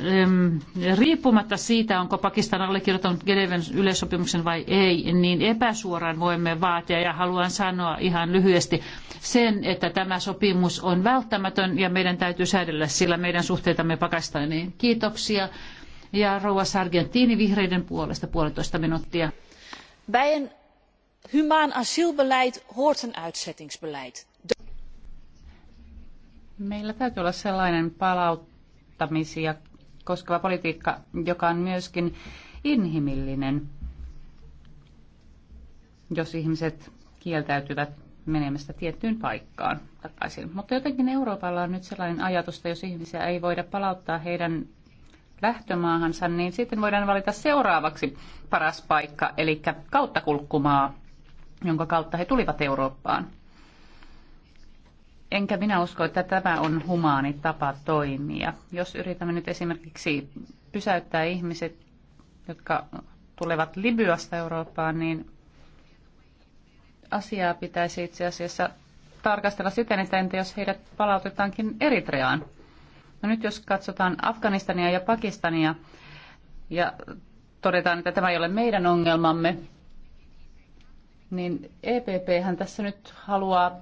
[SPEAKER 2] riippumatta siitä, onko Pakistan allekirjoittanut Geneven yleissopimuksen vai ei, niin epäsuoraan voimme vaatia, ja haluan sanoa ihan lyhyesti sen, että tämä sopimus on välttämätön ja meidän täytyy säädellä sillä meidän suhteitamme Pakistaniin. Kiitoksia. Ja rouva Sargentini vihreiden puolesta puolitoista minuuttia. Bij humaan asielbeleid hoort een uitzettingsbeleid. Meillä täytyy olla sellainen palaut auttamisia koskeva politiikka, joka on myöskin inhimillinen, jos ihmiset kieltäytyvät menemästä tiettyyn paikkaan takaisin. Mutta jotenkin Euroopalla on nyt sellainen ajatus, että jos ihmisiä ei voida palauttaa heidän lähtömaahansa, niin sitten voidaan valita seuraavaksi paras paikka, eli kauttakulkumaa, jonka kautta he tulivat Eurooppaan. Enkä minä usko, että tämä on humaani tapa toimia. Jos yritämme nyt esimerkiksi pysäyttää ihmiset, jotka tulevat Libyasta Eurooppaan, niin asiaa pitäisi itse asiassa tarkastella siten, että entä jos heidät palautetaankin Eritreaan? No nyt jos katsotaan Afganistania ja Pakistania ja todetaan, että tämä ei ole meidän ongelmamme, niin EPP hän tässä nyt haluaa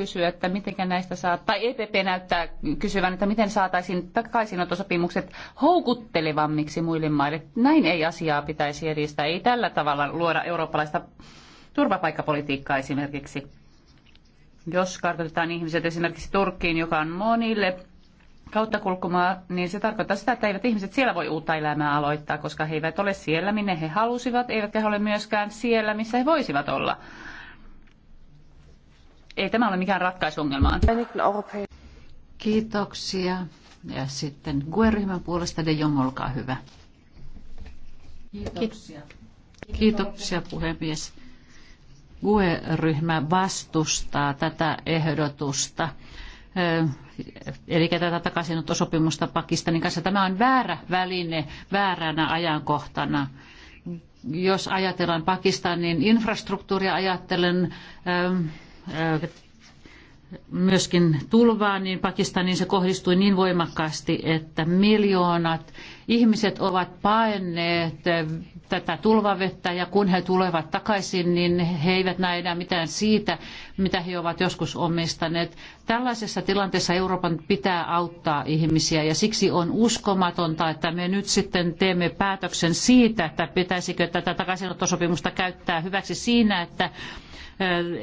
[SPEAKER 2] kysyä, että miten näistä saa, tai EPP näyttää kysyvän, että miten saataisiin takaisinottosopimukset houkuttelevammiksi muille maille. Näin ei asiaa pitäisi edistää. Ei tällä tavalla luoda eurooppalaista turvapaikkapolitiikkaa esimerkiksi. Jos karkotetaan ihmiset esimerkiksi Turkkiin, joka on monille kulkumaan niin se tarkoittaa sitä, että eivät ihmiset siellä voi uutta elämää aloittaa, koska he eivät ole siellä, minne he halusivat, eivätkä he ole myöskään siellä, missä he voisivat olla ei tämä ole mikään ratkaisu ongelmaan. Kiitoksia. Ja sitten GUE-ryhmän puolesta De Jong, olkaa hyvä. Kiitoksia. Kiitoksia puhemies. GUE-ryhmä vastustaa tätä ehdotusta eli tätä takaisinottosopimusta Pakistanin kanssa. Tämä on väärä väline vääränä ajankohtana. Jos ajatellaan Pakistanin infrastruktuuria, ajattelen ähm, myöskin tulvaan, niin Pakistaniin se kohdistui niin voimakkaasti, että miljoonat Ihmiset ovat paenneet tätä tulvavettä ja kun he tulevat takaisin, niin he eivät näe enää mitään siitä, mitä he ovat joskus omistaneet. Tällaisessa tilanteessa Euroopan pitää auttaa ihmisiä ja siksi on uskomatonta, että me nyt sitten teemme päätöksen siitä, että pitäisikö tätä takaisinottosopimusta käyttää hyväksi siinä, että eh,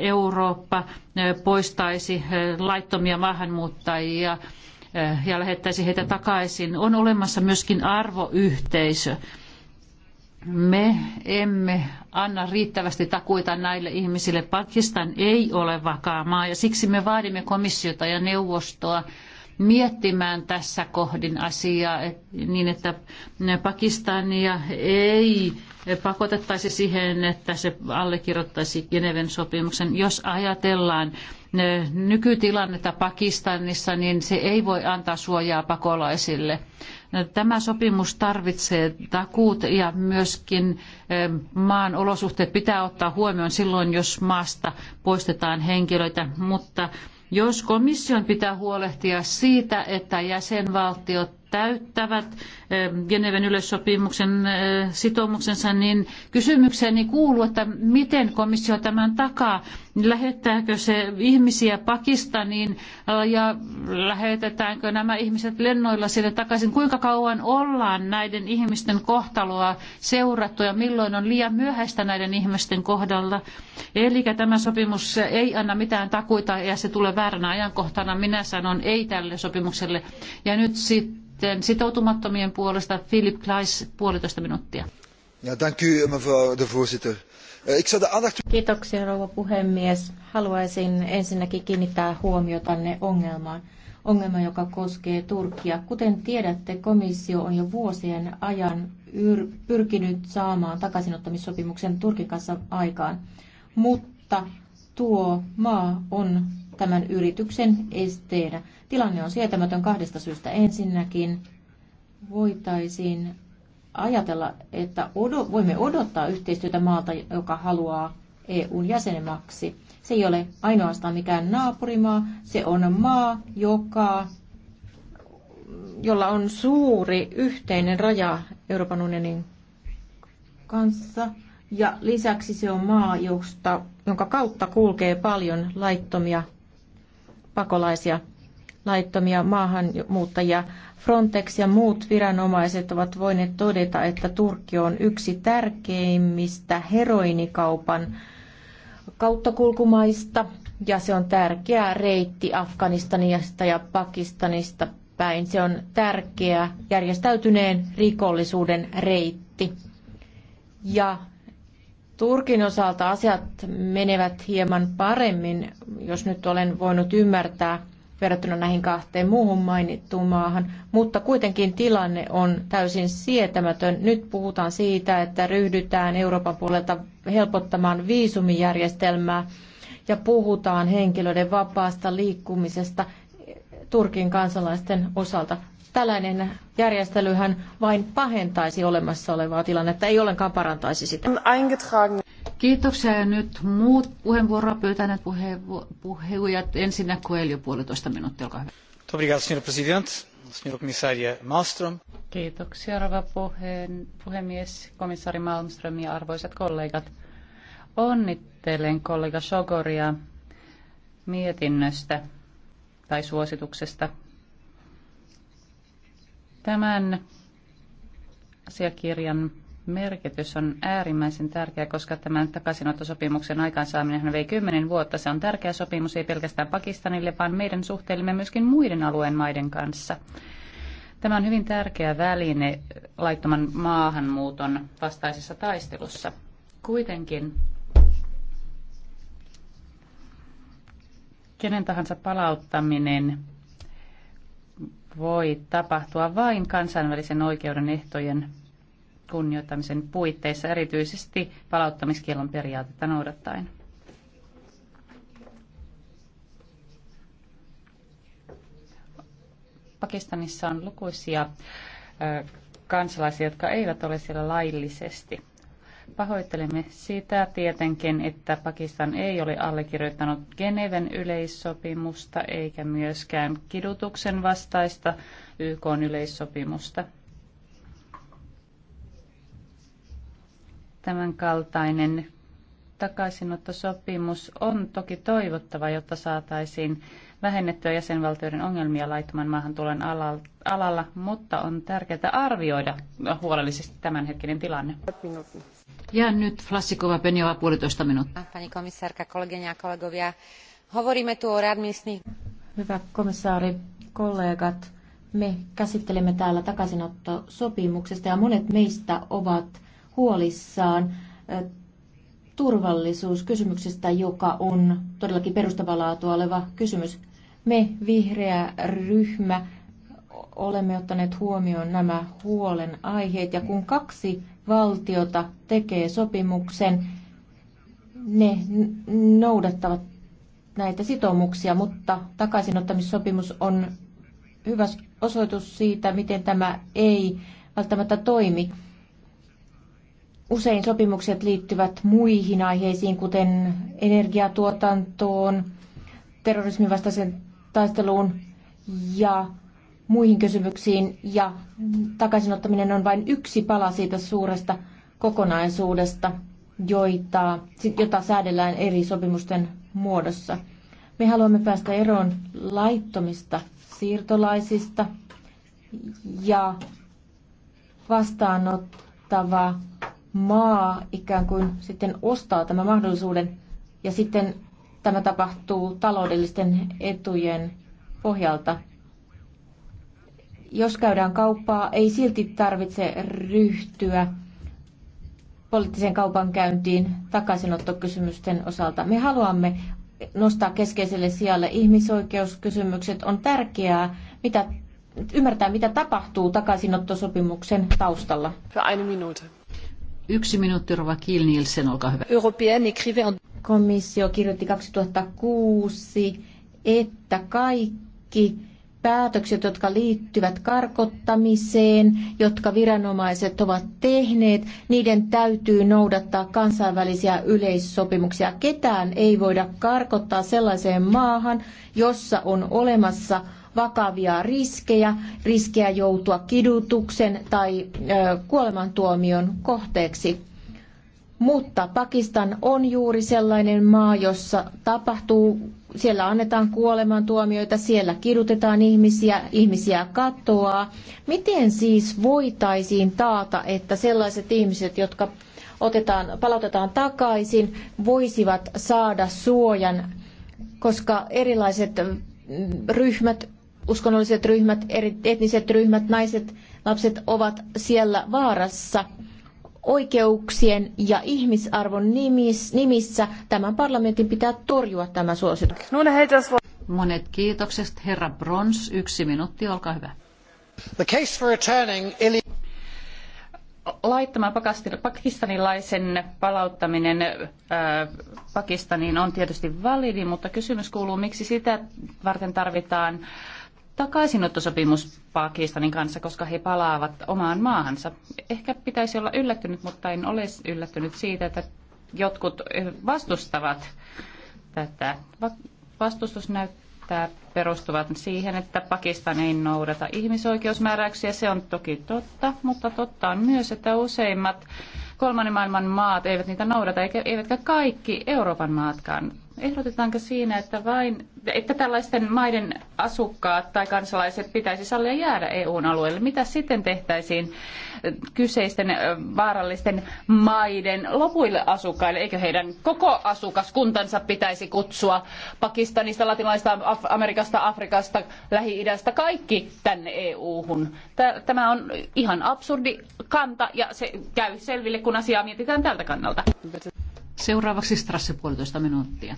[SPEAKER 2] Eurooppa eh, poistaisi eh, laittomia maahanmuuttajia Eh, ja lähettäisi heitä takaisin. On olemassa myöskin arvoyhteisö. Me emme anna riittävästi takuita näille ihmisille. Pakistan ei ole vakaa maa ja siksi me vaadimme komissiota ja neuvostoa miettimään tässä kohdin asiaa niin, että Pakistania ei pakotettaisi siihen, että se allekirjoittaisi Geneven sopimuksen. Jos ajatellaan nykytilannetta Pakistanissa, niin se ei voi antaa suojaa pakolaisille. No, tämä sopimus tarvitsee takuut ja myöskin maan olosuhteet pitää ottaa huomioon silloin, jos maasta poistetaan henkilöitä, mutta jos komission pitää huolehtia siitä, että jäsenvaltiot täyttävät Geneven yleissopimuksen sitoumuksensa, niin kysymykseni kuuluu, että miten komissio tämän takaa? Lähettääkö se ihmisiä Pakistaniin ja lähetetäänkö nämä ihmiset lennoilla sinne takaisin? Kuinka kauan ollaan näiden ihmisten kohtaloa seurattu ja milloin on liian myöhäistä näiden ihmisten kohdalla? Eli tämä sopimus ei anna mitään takuita ja se tulee vääränä ajankohtana. Minä sanon ei tälle sopimukselle. Ja nyt sitten sitten sitoutumattomien puolesta Philip Kleis, puolitoista minuuttia.
[SPEAKER 1] Ja, dank u, mevrouw de voorzitter. Eh,
[SPEAKER 2] Kiitoksia rouva puhemies.
[SPEAKER 1] Haluaisin ensinnäkin kiinnittää huomiotanne ongelmaan. Ongelma, joka koskee Turkia. Kuten tiedätte, komissio on jo vuosien ajan pyrkinyt saamaan takaisinottamissopimuksen Turkin kanssa aikaan. Mutta tuo maa on tämän yrityksen esteenä. Tilanne on sietämätön kahdesta syystä. Ensinnäkin voitaisiin ajatella, että odo, voimme odottaa yhteistyötä maalta, joka haluaa EUn jäsenemaksi. Se ei ole ainoastaan mikään naapurimaa, se on maa, joka, jolla on suuri yhteinen raja Euroopan unionin kanssa. Ja lisäksi se on maa, josta, jonka kautta kulkee paljon laittomia pakolaisia laittomia maahanmuuttajia. Frontex ja muut viranomaiset ovat voineet todeta, että Turkki on yksi tärkeimmistä heroinikaupan kauttakulkumaista ja se on tärkeä reitti Afganistanista ja Pakistanista päin. Se on tärkeä järjestäytyneen rikollisuuden reitti. Ja Turkin osalta asiat menevät hieman paremmin, jos nyt olen voinut ymmärtää verrattuna näihin kahteen muuhun mainittuun maahan, mutta kuitenkin tilanne on täysin sietämätön. Nyt puhutaan siitä, että ryhdytään Euroopan puolelta helpottamaan viisumijärjestelmää ja puhutaan henkilöiden vapaasta liikkumisesta Turkin kansalaisten osalta. Tällainen järjestelyhän vain pahentaisi olemassa olevaa tilannetta, ei ollenkaan
[SPEAKER 2] parantaisi sitä. Kiitoksia ja nyt muut puheenvuoroa pyytäneet puheenvuorot. ensin ensinnä Coelho puolitoista minuuttia, olkaa hyvä. Kiitoksia, rouva puhemies, komissaari Malmström ja arvoisat kollegat. Onnittelen kollega Sogoria mietinnöstä tai suosituksesta. Tämän asiakirjan merkitys on äärimmäisen tärkeä, koska tämän takaisinottosopimuksen aikaansaaminen vei kymmenen vuotta. Se on tärkeä sopimus ei pelkästään Pakistanille, vaan meidän suhteellemme myöskin muiden alueen maiden kanssa. Tämä on hyvin tärkeä väline laittoman maahanmuuton vastaisessa taistelussa. Kuitenkin kenen tahansa palauttaminen voi tapahtua vain kansainvälisen oikeuden ehtojen kunnioittamisen puitteissa, erityisesti palauttamiskielon periaatetta noudattaen. Pakistanissa on lukuisia kansalaisia, jotka eivät ole siellä laillisesti. Pahoittelemme sitä tietenkin, että Pakistan ei ole allekirjoittanut Geneven yleissopimusta eikä myöskään kidutuksen vastaista YK yleissopimusta. Tämän kaltainen takaisinottosopimus on toki toivottava, jotta saataisiin vähennettyä jäsenvaltioiden ongelmia laittoman maahantulon alalla, mutta on tärkeää arvioida huolellisesti tämänhetkinen tilanne. Ja nyt Flassikova Penjova puolitoista minuuttia.
[SPEAKER 3] Pani komissarka, ja kollegovia.
[SPEAKER 4] Hovorimme tuo readmisni.
[SPEAKER 2] Hyvä komissaari, kollegat.
[SPEAKER 1] Me käsittelemme täällä takaisinottosopimuksesta ja monet meistä ovat huolissaan turvallisuuskysymyksestä, joka on todellakin perustavaa laatua oleva kysymys. Me, vihreä ryhmä, olemme ottaneet huomioon nämä huolen aiheet ja kun kaksi valtiota tekee sopimuksen, ne noudattavat näitä sitoumuksia, mutta takaisinottamissopimus on hyvä osoitus siitä, miten tämä ei välttämättä toimi. Usein sopimukset liittyvät muihin aiheisiin, kuten energiatuotantoon, terrorismin vastaisen taisteluun ja muihin kysymyksiin. Ja takaisinottaminen on vain yksi pala siitä suuresta kokonaisuudesta, joita, jota säädellään eri sopimusten muodossa. Me haluamme päästä eroon laittomista siirtolaisista ja vastaanottava maa ikään kuin sitten ostaa tämän mahdollisuuden ja sitten tämä tapahtuu taloudellisten etujen pohjalta. Jos käydään kauppaa, ei silti tarvitse ryhtyä poliittiseen kaupankäyntiin takaisinottokysymysten osalta. Me haluamme nostaa keskeiselle sijalle ihmisoikeuskysymykset. On tärkeää mitä, ymmärtää, mitä tapahtuu takaisinottosopimuksen taustalla. Für eine Minute. Yksi
[SPEAKER 2] minuutti, Rova Kiel Nielsen, olkaa hyvä.
[SPEAKER 1] Komissio kirjoitti 2006, että kaikki päätökset, jotka liittyvät karkottamiseen, jotka viranomaiset ovat tehneet, niiden täytyy noudattaa kansainvälisiä yleissopimuksia. Ketään ei voida karkottaa sellaiseen maahan, jossa on olemassa vakavia riskejä, riskejä joutua kidutuksen tai kuolemantuomion kohteeksi. Mutta Pakistan on juuri sellainen maa, jossa tapahtuu, siellä annetaan kuolemantuomioita, siellä kidutetaan ihmisiä, ihmisiä katoaa. Miten siis voitaisiin taata, että sellaiset ihmiset, jotka otetaan, palautetaan takaisin, voisivat saada suojan, koska erilaiset mm, ryhmät uskonnolliset ryhmät, eri etniset ryhmät, naiset, lapset ovat siellä vaarassa oikeuksien ja ihmisarvon nimissä. Tämän parlamentin pitää torjua tämä
[SPEAKER 2] suositus. Monet kiitokset. Herra Brons, yksi minuutti, olkaa hyvä. The case for returning Ili- Laittoman pakistanilaisen palauttaminen Pakistaniin on tietysti validi, mutta kysymys kuuluu, miksi sitä varten tarvitaan takaisinottosopimus Pakistanin kanssa, koska he palaavat omaan maahansa. Ehkä pitäisi olla yllättynyt, mutta en ole yllättynyt siitä, että jotkut vastustavat tätä. Vastustus näyttää perustuvat siihen, että Pakistan ei noudata ihmisoikeusmääräyksiä. Se on toki totta, mutta totta on myös, että useimmat kolmannen maailman maat eivät niitä noudata, eivätkä kaikki Euroopan maatkaan. Ehdotetaanko siinä, että, vain, että tällaisten maiden asukkaat tai kansalaiset pitäisi sallia jäädä EUn alueelle? Mitä sitten tehtäisiin kyseisten vaarallisten maiden lopuille asukkaille? Eikö heidän koko asukaskuntansa pitäisi kutsua Pakistanista, Af- Amerikasta, Afrikasta, Lähi-idästä, kaikki tänne EU-hun? Tämä on ihan absurdi kanta ja se käy selville, kun asiaa mietitään tältä kannalta. Seuraavaksi Strasse puolitoista minuuttia.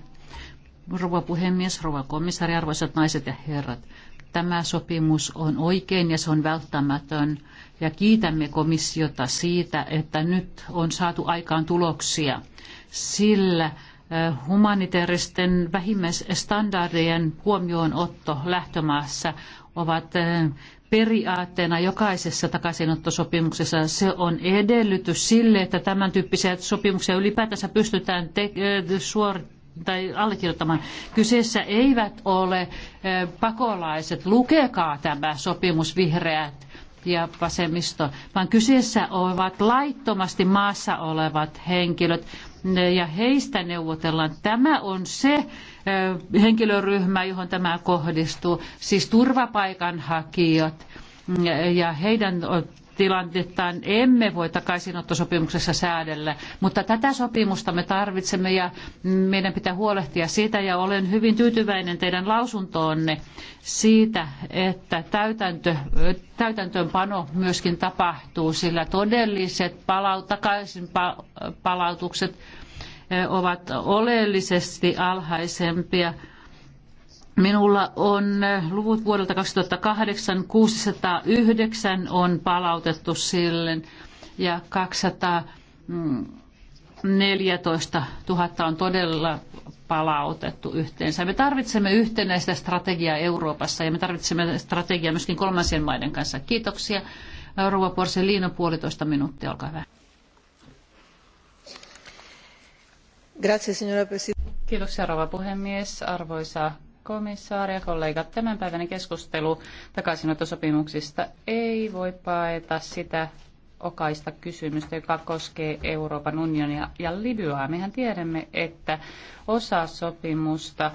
[SPEAKER 2] Rouva puhemies, rouva komissari, arvoisat naiset ja herrat. Tämä sopimus on oikein ja se on välttämätön. Ja kiitämme komissiota siitä, että nyt on saatu aikaan tuloksia. Sillä humanitaaristen vähimmäisstandardien huomioonotto lähtömaassa ovat periaatteena jokaisessa takaisinottosopimuksessa. Se on edellytys sille, että tämän tyyppisiä sopimuksia ylipäätänsä pystytään te- eh, suorittamaan tai allekirjoittamaan. Kyseessä eivät ole eh, pakolaiset. Lukekaa tämä sopimus vihreät ja vasemmisto, vaan kyseessä ovat laittomasti maassa olevat henkilöt ja heistä neuvotellaan. Tämä on se henkilöryhmä, johon tämä kohdistuu, siis turvapaikanhakijat ja heidän tilannettaan emme voi takaisinottosopimuksessa säädellä, mutta tätä sopimusta me tarvitsemme ja meidän pitää huolehtia siitä ja olen hyvin tyytyväinen teidän lausuntoonne siitä, että täytäntö, täytäntöönpano myöskin tapahtuu, sillä todelliset palau, takaisin palautukset ovat oleellisesti alhaisempia. Minulla on luvut vuodelta 2008, 609 on palautettu sille ja 214 000 on todella palautettu yhteensä. Me tarvitsemme yhtenäistä strategiaa Euroopassa ja me tarvitsemme strategiaa myöskin kolmansien maiden kanssa. Kiitoksia. Rouva Porselino, puolitoista minuuttia, olkaa hyvä. Kiitoksia puhemies, arvoisa komissaari ja kollegat. Tämänpäiväinen keskustelu takaisinottosopimuksista ei voi paeta sitä okaista kysymystä, joka koskee Euroopan unionia ja Libyaa. Mehän tiedämme, että osa sopimusta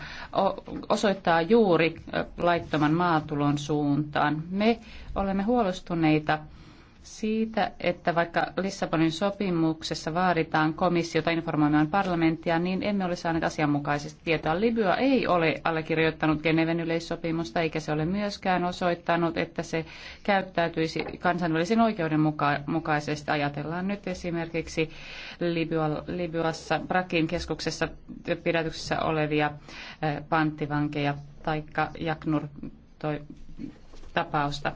[SPEAKER 2] osoittaa juuri laittoman maatulon suuntaan. Me olemme huolestuneita siitä, että vaikka Lissabonin sopimuksessa vaaditaan komissiota informoimaan parlamenttia, niin emme ole saaneet asianmukaisesti tietoa. Libya ei ole allekirjoittanut Geneven yleissopimusta, eikä se ole myöskään osoittanut, että se käyttäytyisi kansainvälisen oikeudenmukaisesti muka- Ajatellaan nyt esimerkiksi Libya- Libyassa Brakin keskuksessa pidätyksessä olevia eh, panttivankeja taikka Jaknur toi, tapausta.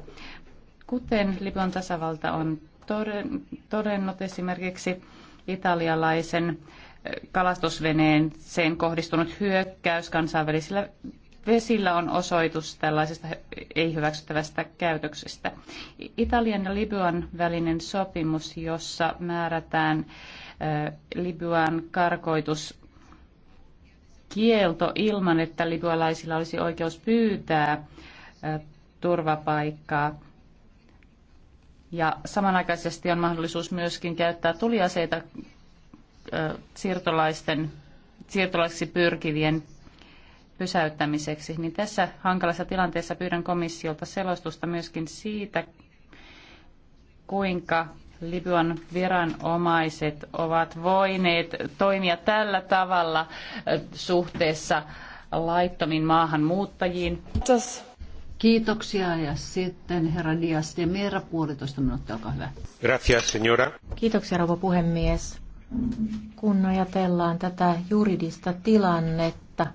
[SPEAKER 2] Kuten Libyan tasavalta on todennut esimerkiksi italialaisen kalastusveneen sen kohdistunut hyökkäys kansainvälisillä vesillä on osoitus tällaisesta ei-hyväksyttävästä käytöksestä. Italian ja Libyan välinen sopimus, jossa määrätään Libyan karkoitus kielto ilman, että libyalaisilla olisi oikeus pyytää turvapaikkaa, ja samanaikaisesti on mahdollisuus myöskin käyttää tuliaseita siirtolaisten, siirtolaisiksi pyrkivien pysäyttämiseksi. Niin tässä hankalassa tilanteessa pyydän komissiolta selostusta myöskin siitä, kuinka Libyan viranomaiset ovat voineet toimia tällä tavalla suhteessa laittomiin maahanmuuttajiin. Kiitos. Kiitoksia ja sitten herra Dias de Mera, puolitoista minuuttia, olkaa hyvä. Gracias, señora. Kiitoksia, rouva puhemies.
[SPEAKER 1] Kun ajatellaan tätä juridista tilannetta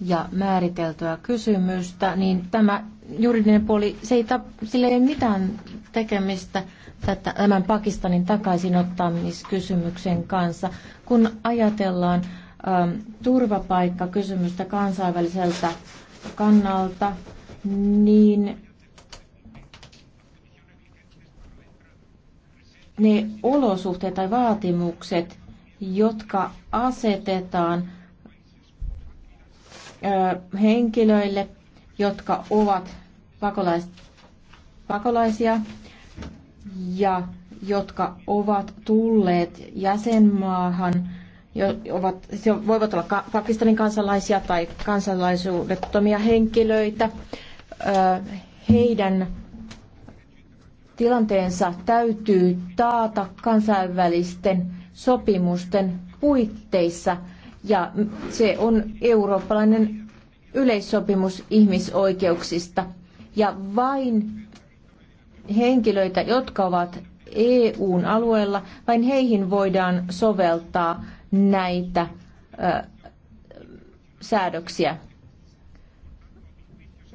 [SPEAKER 1] ja määriteltyä kysymystä, niin tämä juridinen puoli, se ei ta, sillä ei ole mitään tekemistä tätä, tämän Pakistanin takaisinottamiskysymyksen kanssa. Kun ajatellaan ä, ähm, turvapaikkakysymystä kansainväliseltä kannalta, niin ne olosuhteet tai vaatimukset, jotka asetetaan henkilöille, jotka ovat pakolais, pakolaisia ja jotka ovat tulleet jäsenmaahan, jo, ovat, voivat olla Pakistanin kansalaisia tai kansalaisuudettomia henkilöitä heidän tilanteensa täytyy taata kansainvälisten sopimusten puitteissa ja se on eurooppalainen yleissopimus ihmisoikeuksista. Ja vain henkilöitä, jotka ovat EUn alueella, vain heihin voidaan soveltaa näitä ö, säädöksiä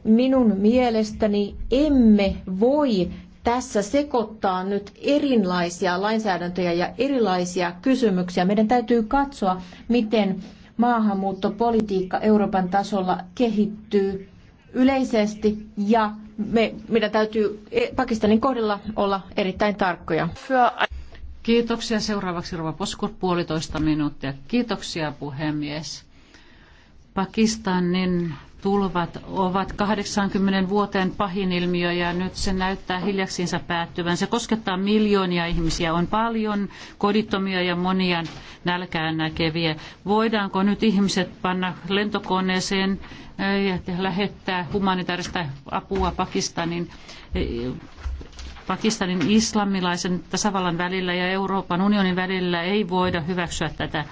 [SPEAKER 1] minun mielestäni emme voi tässä sekoittaa nyt erilaisia lainsäädäntöjä ja erilaisia kysymyksiä. Meidän täytyy katsoa, miten maahanmuuttopolitiikka Euroopan tasolla kehittyy yleisesti ja me, meidän täytyy e, Pakistanin kohdalla olla erittäin tarkkoja.
[SPEAKER 2] Kiitoksia. Seuraavaksi Rova Poskur puolitoista minuuttia. Kiitoksia puhemies. Pakistanin tulvat ovat 80 vuoteen pahin ilmiö ja nyt se näyttää hiljaksiinsa päättyvän. Se koskettaa miljoonia ihmisiä. On paljon kodittomia ja monia nälkään näkeviä. Voidaanko nyt ihmiset panna lentokoneeseen äh, ja lähettää humanitaarista apua Pakistanin Pakistanin islamilaisen tasavallan välillä ja Euroopan unionin välillä ei voida hyväksyä tätä.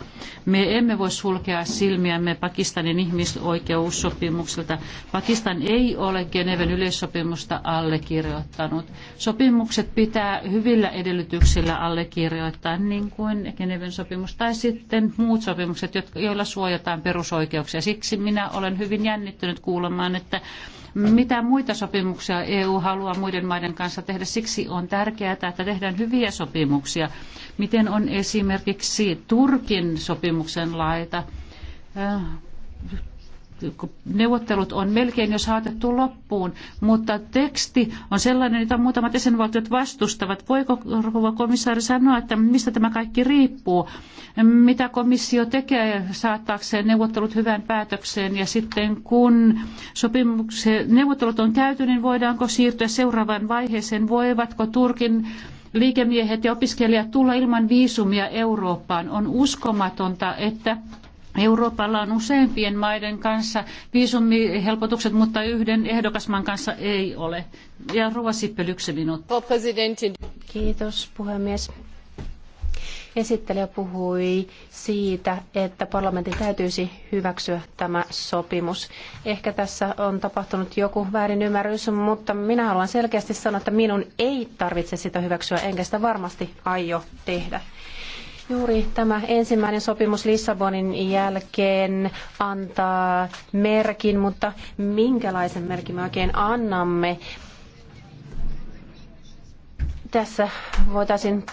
[SPEAKER 2] Me emme voi sulkea silmiämme Pakistanin ihmisoikeussopimukselta. Pakistan ei ole Geneven yleissopimusta allekirjoittanut. Sopimukset pitää hyvillä edellytyksillä allekirjoittaa, niin kuin Geneven sopimus tai sitten muut sopimukset, joilla suojataan perusoikeuksia. Siksi minä olen hyvin jännittynyt kuulemaan, että mitä muita sopimuksia EU haluaa muiden maiden kanssa tehdä. Siksi on tärkeää, että tehdään hyviä sopimuksia. Miten on esimerkiksi Turkin sopimuksen laita? Äh, neuvottelut on melkein jo saatettu loppuun, mutta teksti on sellainen, jota muutamat jäsenvaltiot vastustavat. Voiko rouva komissaari sanoa, että mistä tämä kaikki riippuu? Mitä komissio tekee saattaakseen neuvottelut hyvään päätökseen ja sitten kun neuvottelut on käyty, niin voidaanko siirtyä seuraavaan vaiheeseen? Voivatko Turkin liikemiehet ja opiskelijat tulla ilman viisumia Eurooppaan? On uskomatonta, että Euroopalla on useimpien maiden kanssa viisumihelpotukset, mutta yhden ehdokasmaan kanssa ei ole. Ja Rova Sippel, yksi minuutti.
[SPEAKER 5] Kiitos puhemies. Esittelijä puhui siitä, että parlamentin täytyisi hyväksyä tämä sopimus. Ehkä tässä on tapahtunut joku väärinymmärrys, mutta minä haluan selkeästi sanoa, että minun ei tarvitse sitä hyväksyä, enkä sitä varmasti aio tehdä. Juuri tämä ensimmäinen sopimus Lissabonin jälkeen antaa merkin, mutta minkälaisen merkin me oikein annamme? Tässä voitaisiin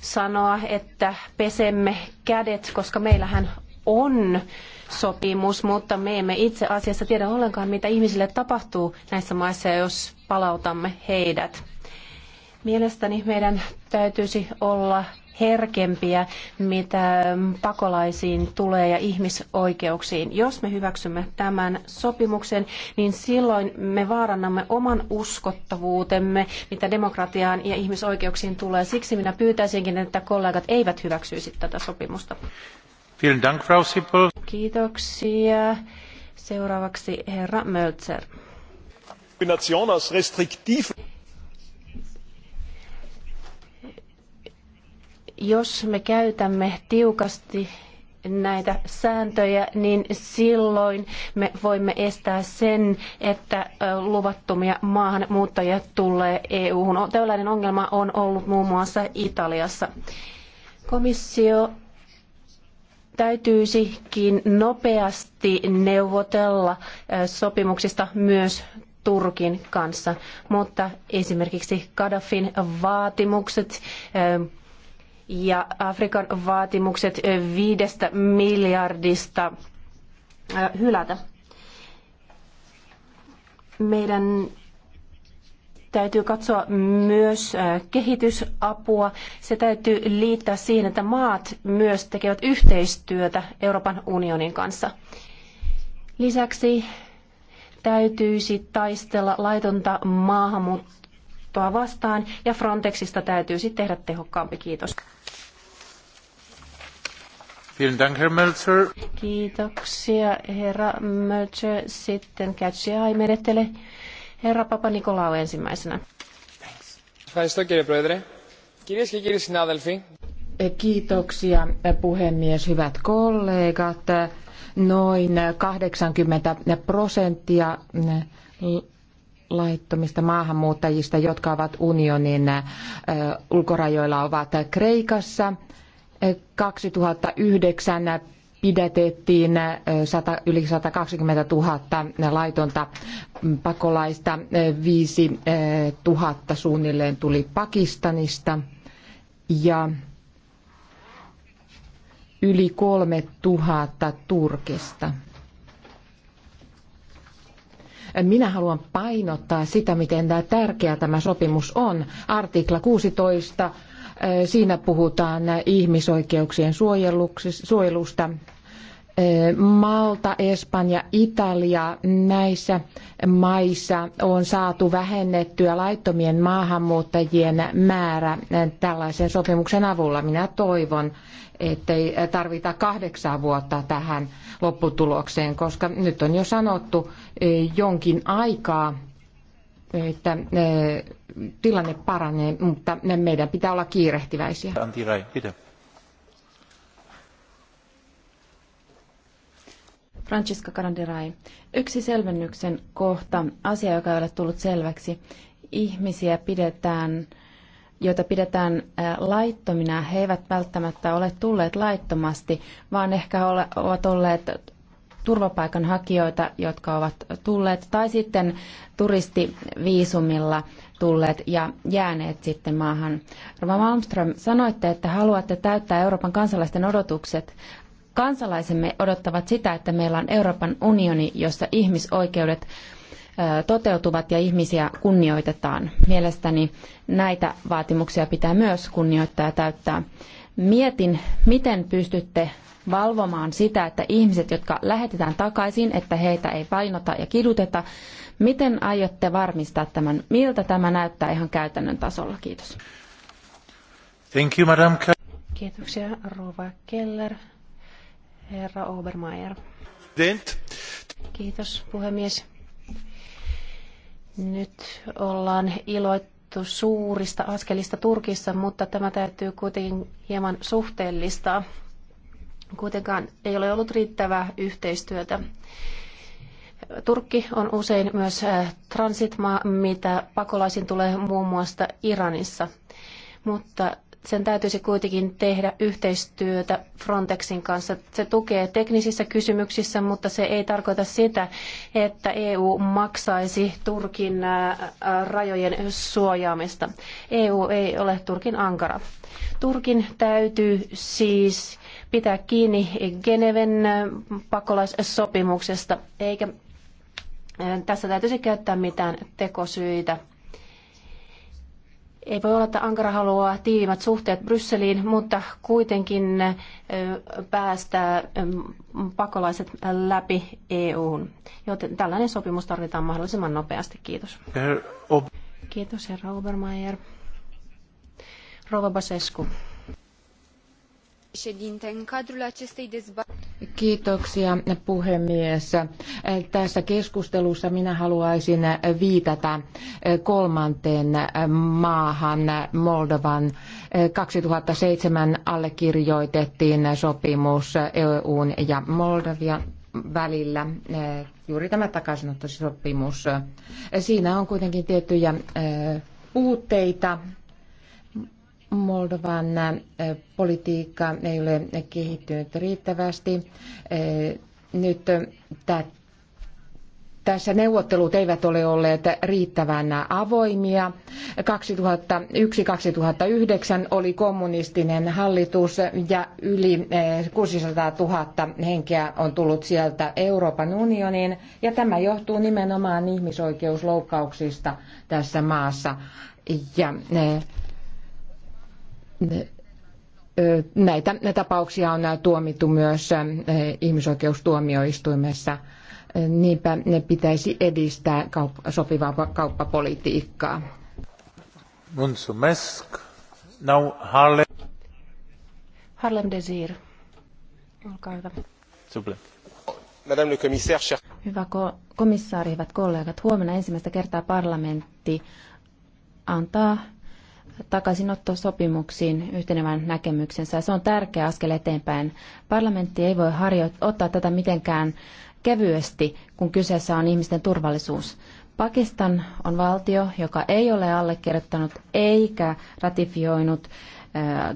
[SPEAKER 5] sanoa, että pesemme kädet, koska meillähän on sopimus, mutta me emme itse asiassa tiedä ollenkaan, mitä ihmisille tapahtuu näissä maissa, jos palautamme heidät. Mielestäni meidän täytyisi olla herkempiä, mitä pakolaisiin tulee ja ihmisoikeuksiin. Jos me hyväksymme tämän sopimuksen, niin silloin me vaarannamme oman uskottavuutemme, mitä demokratiaan ja ihmisoikeuksiin tulee. Siksi minä pyytäisinkin, että kollegat eivät hyväksyisi tätä sopimusta. Kiitoksia. Seuraavaksi herra Jos me käytämme tiukasti näitä sääntöjä, niin silloin me voimme estää sen, että luvattomia maahanmuuttajia tulee EU-hun. Tällainen ongelma on ollut muun muassa Italiassa. Komissio täytyisikin nopeasti neuvotella sopimuksista myös Turkin kanssa, mutta esimerkiksi Gaddafin vaatimukset ja Afrikan vaatimukset viidestä miljardista hylätä. Meidän täytyy katsoa myös kehitysapua. Se täytyy liittää siihen, että maat myös tekevät yhteistyötä Euroopan unionin kanssa. Lisäksi täytyisi taistella laitonta maahanmuuttoa vastaan ja Frontexista täytyisi tehdä tehokkaampi. Kiitos. Kiitoksia, herra Meltzer. Sitten catch the menettele. Herra Papa Nikolaou ensimmäisenä.
[SPEAKER 2] Ευχαριστώ κύριε Πρόεδρε. Κυρίες και κύριοι συνάδελφοι.
[SPEAKER 3] Kiitoksia puhemies, hyvät kollegat. Noin 80 prosenttia laittomista maahanmuuttajista, jotka ovat unionin ulkorajoilla, ovat Kreikassa. 2009 pidätettiin yli 120 000 laitonta pakolaista, 5 000 eh, suunnilleen tuli Pakistanista ja yli 3 000 Turkista. Minä haluan painottaa sitä, miten tärkeä tämä sopimus on. Artikla 16 Siinä puhutaan ihmisoikeuksien suojelusta. Malta, Espanja, Italia, näissä maissa on saatu vähennettyä laittomien maahanmuuttajien määrä tällaisen sopimuksen avulla. Minä toivon, ettei tarvita kahdeksaa vuotta tähän lopputulokseen, koska nyt on jo sanottu eh, jonkin aikaa että eh, tilanne paranee, mutta meidän pitää olla kiirehtiväisiä.
[SPEAKER 5] Antti Rai,
[SPEAKER 4] Carandirai. Yksi selvennyksen kohta, asia, joka ei ole tullut selväksi. Ihmisiä pidetään, joita pidetään eh, laittomina, he eivät välttämättä ole tulleet laittomasti, vaan ehkä ole, ovat olleet turvapaikanhakijoita, jotka ovat tulleet, tai sitten turistiviisumilla tulleet ja jääneet sitten maahan. Rova Malmström, sanoitte, että haluatte täyttää Euroopan kansalaisten odotukset. Kansalaisemme odottavat sitä, että meillä on Euroopan unioni, jossa ihmisoikeudet toteutuvat ja ihmisiä kunnioitetaan. Mielestäni näitä vaatimuksia pitää myös kunnioittaa ja täyttää. Mietin, miten pystytte valvomaan sitä, että ihmiset, jotka lähetetään takaisin, että heitä ei painota ja kiduteta. Miten aiotte varmistaa tämän? Miltä tämä
[SPEAKER 5] näyttää ihan käytännön tasolla? Kiitos. Thank you, Madam. Kiitoksia, Rova Keller. Herra Obermeier. Dent. Kiitos, puhemies. Nyt ollaan iloittu suurista askelista Turkissa, mutta tämä täytyy kuitenkin hieman suhteellistaa. Kuitenkaan ei ole ollut riittävää yhteistyötä. Turkki on usein myös transitmaa, mitä pakolaisin tulee muun muassa Iranissa. Mutta sen täytyisi kuitenkin tehdä yhteistyötä Frontexin kanssa. Se tukee teknisissä kysymyksissä, mutta se ei tarkoita sitä, että EU maksaisi Turkin rajojen suojaamista. EU ei ole Turkin ankara. Turkin täytyy siis pitää kiinni Geneven pakolaissopimuksesta, eikä tässä täytyisi käyttää mitään tekosyitä. Ei voi olla, että Ankara haluaa tiivimmät suhteet Brysseliin, mutta kuitenkin päästää pakolaiset läpi EUn. Joten tällainen sopimus tarvitaan mahdollisimman nopeasti. Kiitos. Kiitos, herra Obermeier. Rova Basescu
[SPEAKER 3] în cadrul acestei dezbateri... Kiitoksia puhemies. Tässä keskustelussa minä haluaisin viitata kolmanteen maahan, Moldovan. 2007 allekirjoitettiin sopimus EUn ja Moldovian välillä juuri tämä takaisinottosopimus. Siinä on kuitenkin tiettyjä puutteita Moldovan politiikka ei ole kehittynyt riittävästi. Nyt tässä neuvottelut eivät ole olleet riittävän avoimia. 2001-2009 oli kommunistinen hallitus ja yli 600 000 henkeä on tullut sieltä Euroopan unioniin. Ja tämä johtuu nimenomaan ihmisoikeusloukkauksista tässä maassa. Ja Näitä tapauksia on tuomittu myös ihmisoikeustuomioistuimessa. Niinpä ne pitäisi edistää kaup- sopivaa kauppapolitiikkaa.
[SPEAKER 1] Now Harlem.
[SPEAKER 5] Harlem Desir. Olkaa hyvä.
[SPEAKER 2] Suple. Madame le commissaire, cher...
[SPEAKER 4] Hyvä ko- komissaari, hyvät kollegat. Huomenna ensimmäistä kertaa parlamentti antaa takaisinottosopimuksiin yhtenevän näkemyksensä. Se on tärkeä askel eteenpäin. Parlamentti ei voi ottaa tätä mitenkään kevyesti, kun kyseessä on ihmisten turvallisuus. Pakistan on valtio, joka ei ole allekirjoittanut eikä ratifioinut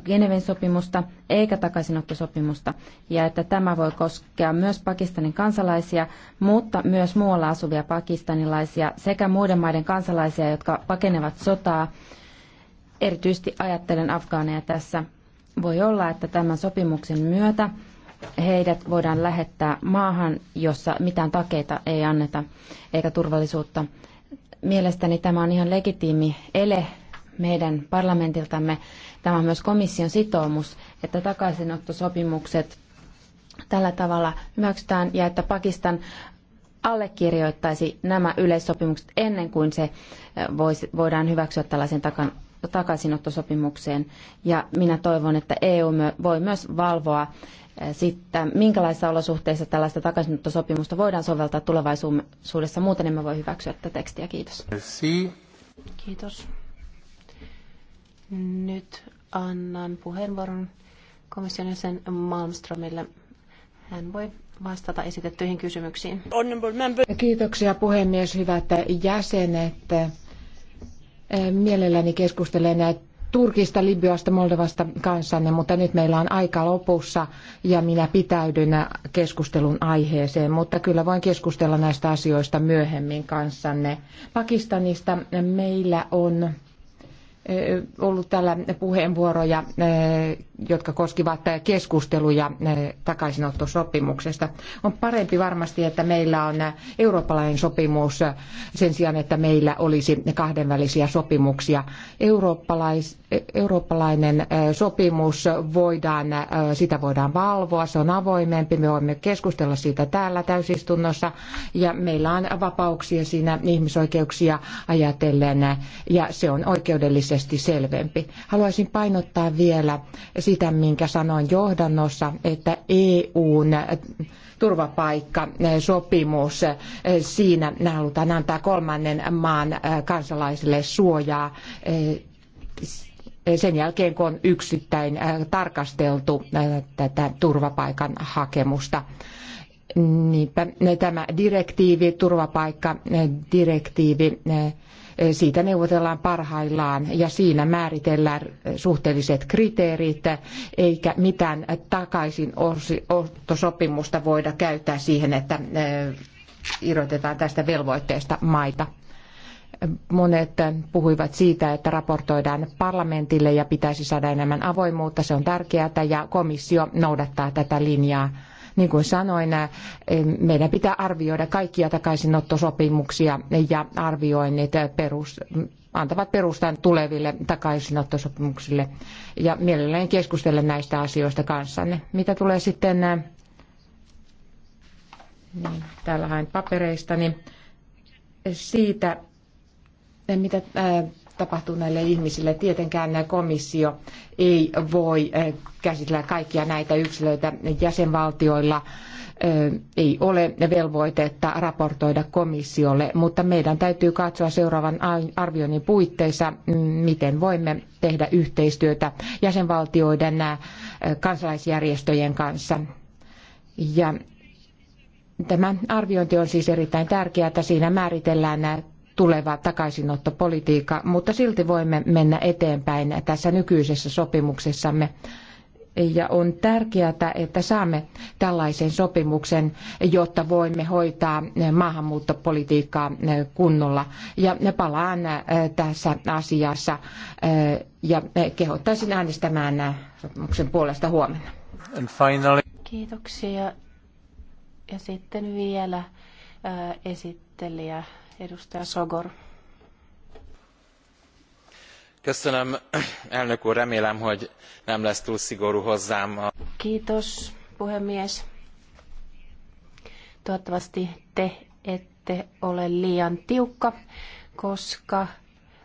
[SPEAKER 4] Geneven sopimusta eikä takaisinottosopimusta, ja että tämä voi koskea myös Pakistanin kansalaisia, mutta myös muualla asuvia pakistanilaisia sekä muiden maiden kansalaisia, jotka pakenevat sotaa Erityisesti ajattelen afgaaneja tässä. Voi olla, että tämän sopimuksen myötä heidät voidaan lähettää maahan, jossa mitään takeita ei anneta eikä turvallisuutta. Mielestäni tämä on ihan legitiimi ele meidän parlamentiltamme. Tämä on myös komission sitoumus, että takaisinottosopimukset tällä tavalla hyväksytään ja että Pakistan allekirjoittaisi nämä yleissopimukset ennen kuin se voisi, voidaan hyväksyä tällaisen takan, takaisinottosopimukseen. Ja minä toivon, että EU voi myös valvoa äh, sitten, minkälaisissa olosuhteissa tällaista takaisinottosopimusta voidaan soveltaa tulevaisuudessa. Muuten emme voi hyväksyä tätä tekstiä. Kiitos. Kiitos.
[SPEAKER 5] Nyt annan puheenvuoron komission jäsen Malmströmille. Hän voi vastata esitettyihin kysymyksiin.
[SPEAKER 3] Kiitoksia puhemies, hyvät jäsenet. Äh, mielelläni keskustelen äh, Turkista, Libyasta, Moldovasta kanssanne, mutta nyt meillä on aika lopussa ja minä pitäydyn äh, keskustelun aiheeseen, mutta kyllä voin keskustella näistä asioista myöhemmin kanssanne. Pakistanista meillä on Eh, ollut täällä puheenvuoroja, eh, jotka koskivat eh, keskusteluja takaisinottosopimuksesta. On parempi varmasti, että meillä on eurooppalainen sopimus sen sijaan, että meillä olisi kahdenvälisiä sopimuksia. Eurooppalais, E, eurooppalainen e, sopimus voidaan, e, sitä voidaan valvoa, se on avoimempi, me voimme keskustella siitä täällä täysistunnossa ja meillä on vapauksia siinä ihmisoikeuksia ajatellen ja se on oikeudellisesti selvempi. Haluaisin painottaa vielä sitä, minkä sanoin johdannossa, että EUn sopimus siinä halutaan antaa kolmannen maan kansalaisille suojaa sen jälkeen, kun on yksittäin äh, tarkasteltu äh, tätä turvapaikan hakemusta. Niinpä tämä direktiivi, turvapaikkadirektiivi, äh, siitä neuvotellaan parhaillaan ja siinä määritellään suhteelliset kriteerit, eikä mitään takaisinottosopimusta voida käyttää siihen, että irrotetaan tästä velvoitteesta maita. Monet puhuivat siitä, että raportoidaan parlamentille ja pitäisi saada enemmän avoimuutta. Se on tärkeää ja komissio noudattaa tätä linjaa. Niin kuin sanoin, eh, meidän pitää arvioida kaikkia takaisinottosopimuksia ja arvioinnit perus, antavat perustan tuleville takaisinottosopimuksille. Ja mielelläni keskustelen näistä asioista kanssanne. Mitä tulee sitten eh, niin, täällä hain papereistani siitä, mitä tapahtuu näille ihmisille. Tietenkään komissio ei voi käsitellä kaikkia näitä yksilöitä jäsenvaltioilla. Ei ole velvoitetta raportoida komissiolle, mutta meidän täytyy katsoa seuraavan arvioinnin puitteissa, miten voimme tehdä yhteistyötä jäsenvaltioiden kansalaisjärjestöjen kanssa. Ja Tämä arviointi on siis erittäin tärkeää, että siinä määritellään tuleva takaisinottopolitiikka, mutta silti voimme mennä eteenpäin tässä nykyisessä sopimuksessamme. Ja on tärkeää, että saamme tällaisen sopimuksen, jotta voimme hoitaa maahanmuuttopolitiikkaa kunnolla. Ja palaan tässä asiassa ja kehottaisin äänestämään sopimuksen puolesta huomenna.
[SPEAKER 5] Kiitoksia. Ja sitten vielä esittelijä Edustaja Sogor.
[SPEAKER 1] Köszönöm, elnök úr, remélem, hogy nem lesz túl szigorú hozzám.
[SPEAKER 5] A... Kiitos, puhemies. Toivottavasti te ette ole liian tiukka, koska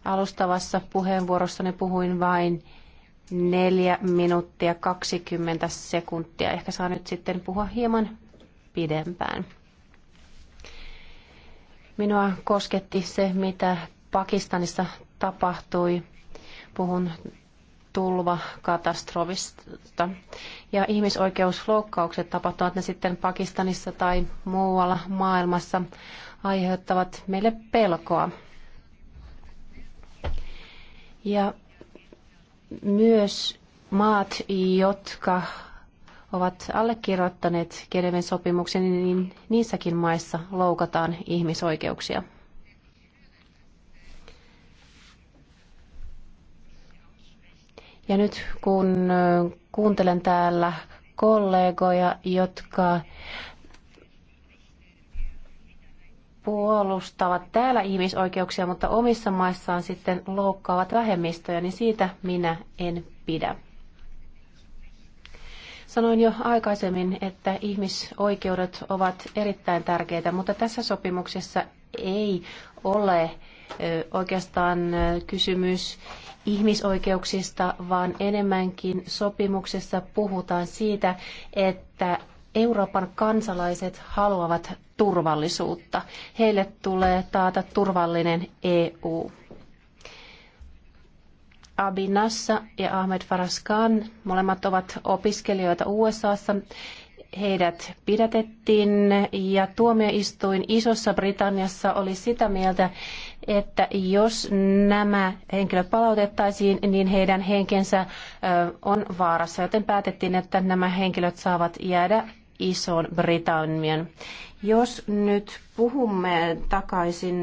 [SPEAKER 5] alustavassa puheenvuorossani puhuin vain neljä minuuttia 20 sekuntia. Ehkä saa nyt sitten puhua hieman pidempään. Minua kosketti se, mitä Pakistanissa tapahtui. Puhun tulvakatastrofista. Ja ihmisoikeusloukkaukset tapahtuvat ne sitten Pakistanissa tai muualla maailmassa aiheuttavat meille pelkoa. Ja myös maat, jotka ovat allekirjoittaneet Geneven sopimuksen, niin niissäkin maissa loukataan ihmisoikeuksia. Ja nyt kun kuuntelen täällä kollegoja, jotka puolustavat täällä ihmisoikeuksia, mutta omissa maissaan sitten loukkaavat vähemmistöjä, niin siitä minä en pidä. Sanoin jo aikaisemmin, että ihmisoikeudet ovat erittäin tärkeitä, mutta tässä sopimuksessa ei ole oikeastaan kysymys ihmisoikeuksista, vaan enemmänkin sopimuksessa puhutaan siitä, että Euroopan kansalaiset haluavat turvallisuutta. Heille tulee taata turvallinen EU. Abinassa ja Ahmed Faraskan. Molemmat ovat opiskelijoita USAssa. Heidät pidätettiin ja tuomioistuin Isossa Britanniassa oli sitä mieltä, että jos nämä henkilöt palautettaisiin, niin heidän henkensä on vaarassa, joten päätettiin, että nämä henkilöt saavat jäädä ison Britannian. Jos nyt puhumme takaisin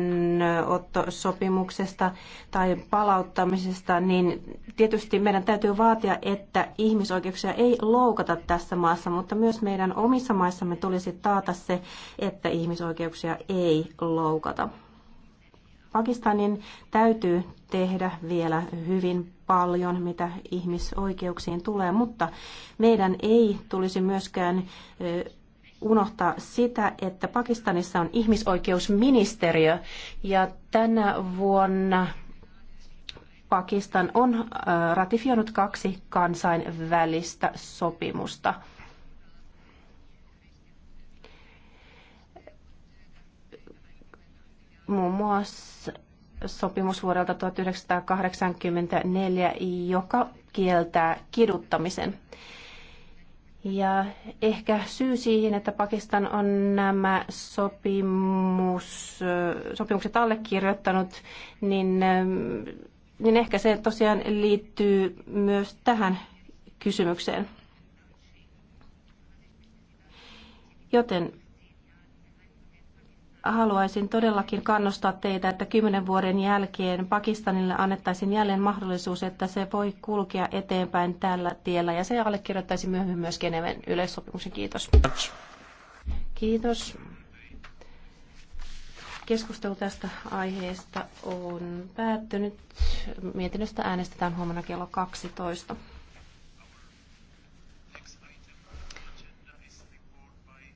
[SPEAKER 5] ottosopimuksesta tai palauttamisesta, niin tietysti meidän täytyy vaatia, että ihmisoikeuksia ei loukata tässä maassa, mutta myös meidän omissa maissamme tulisi taata se, että ihmisoikeuksia ei loukata. Pakistanin täytyy tehdä vielä hyvin paljon, mitä ihmisoikeuksiin tulee, mutta meidän ei tulisi myöskään unohtaa sitä, että Pakistanissa on ihmisoikeusministeriö ja tänä vuonna Pakistan on ratifioinut kaksi kansainvälistä sopimusta. Muun muassa sopimus vuodelta 1984, joka kieltää kiduttamisen. Ja ehkä syy siihen, että Pakistan on nämä sopimus, sopimukset allekirjoittanut, niin, niin ehkä se tosiaan liittyy myös tähän kysymykseen. Joten haluaisin todellakin kannustaa teitä, että kymmenen vuoden jälkeen Pakistanille annettaisiin jälleen mahdollisuus, että se voi kulkea eteenpäin tällä tiellä ja se allekirjoittaisi myöhemmin myös Geneven yleissopimuksen. Kiitos. Kiitos. Keskustelu tästä aiheesta on päättynyt. Mietinnöstä äänestetään huomenna kello 12.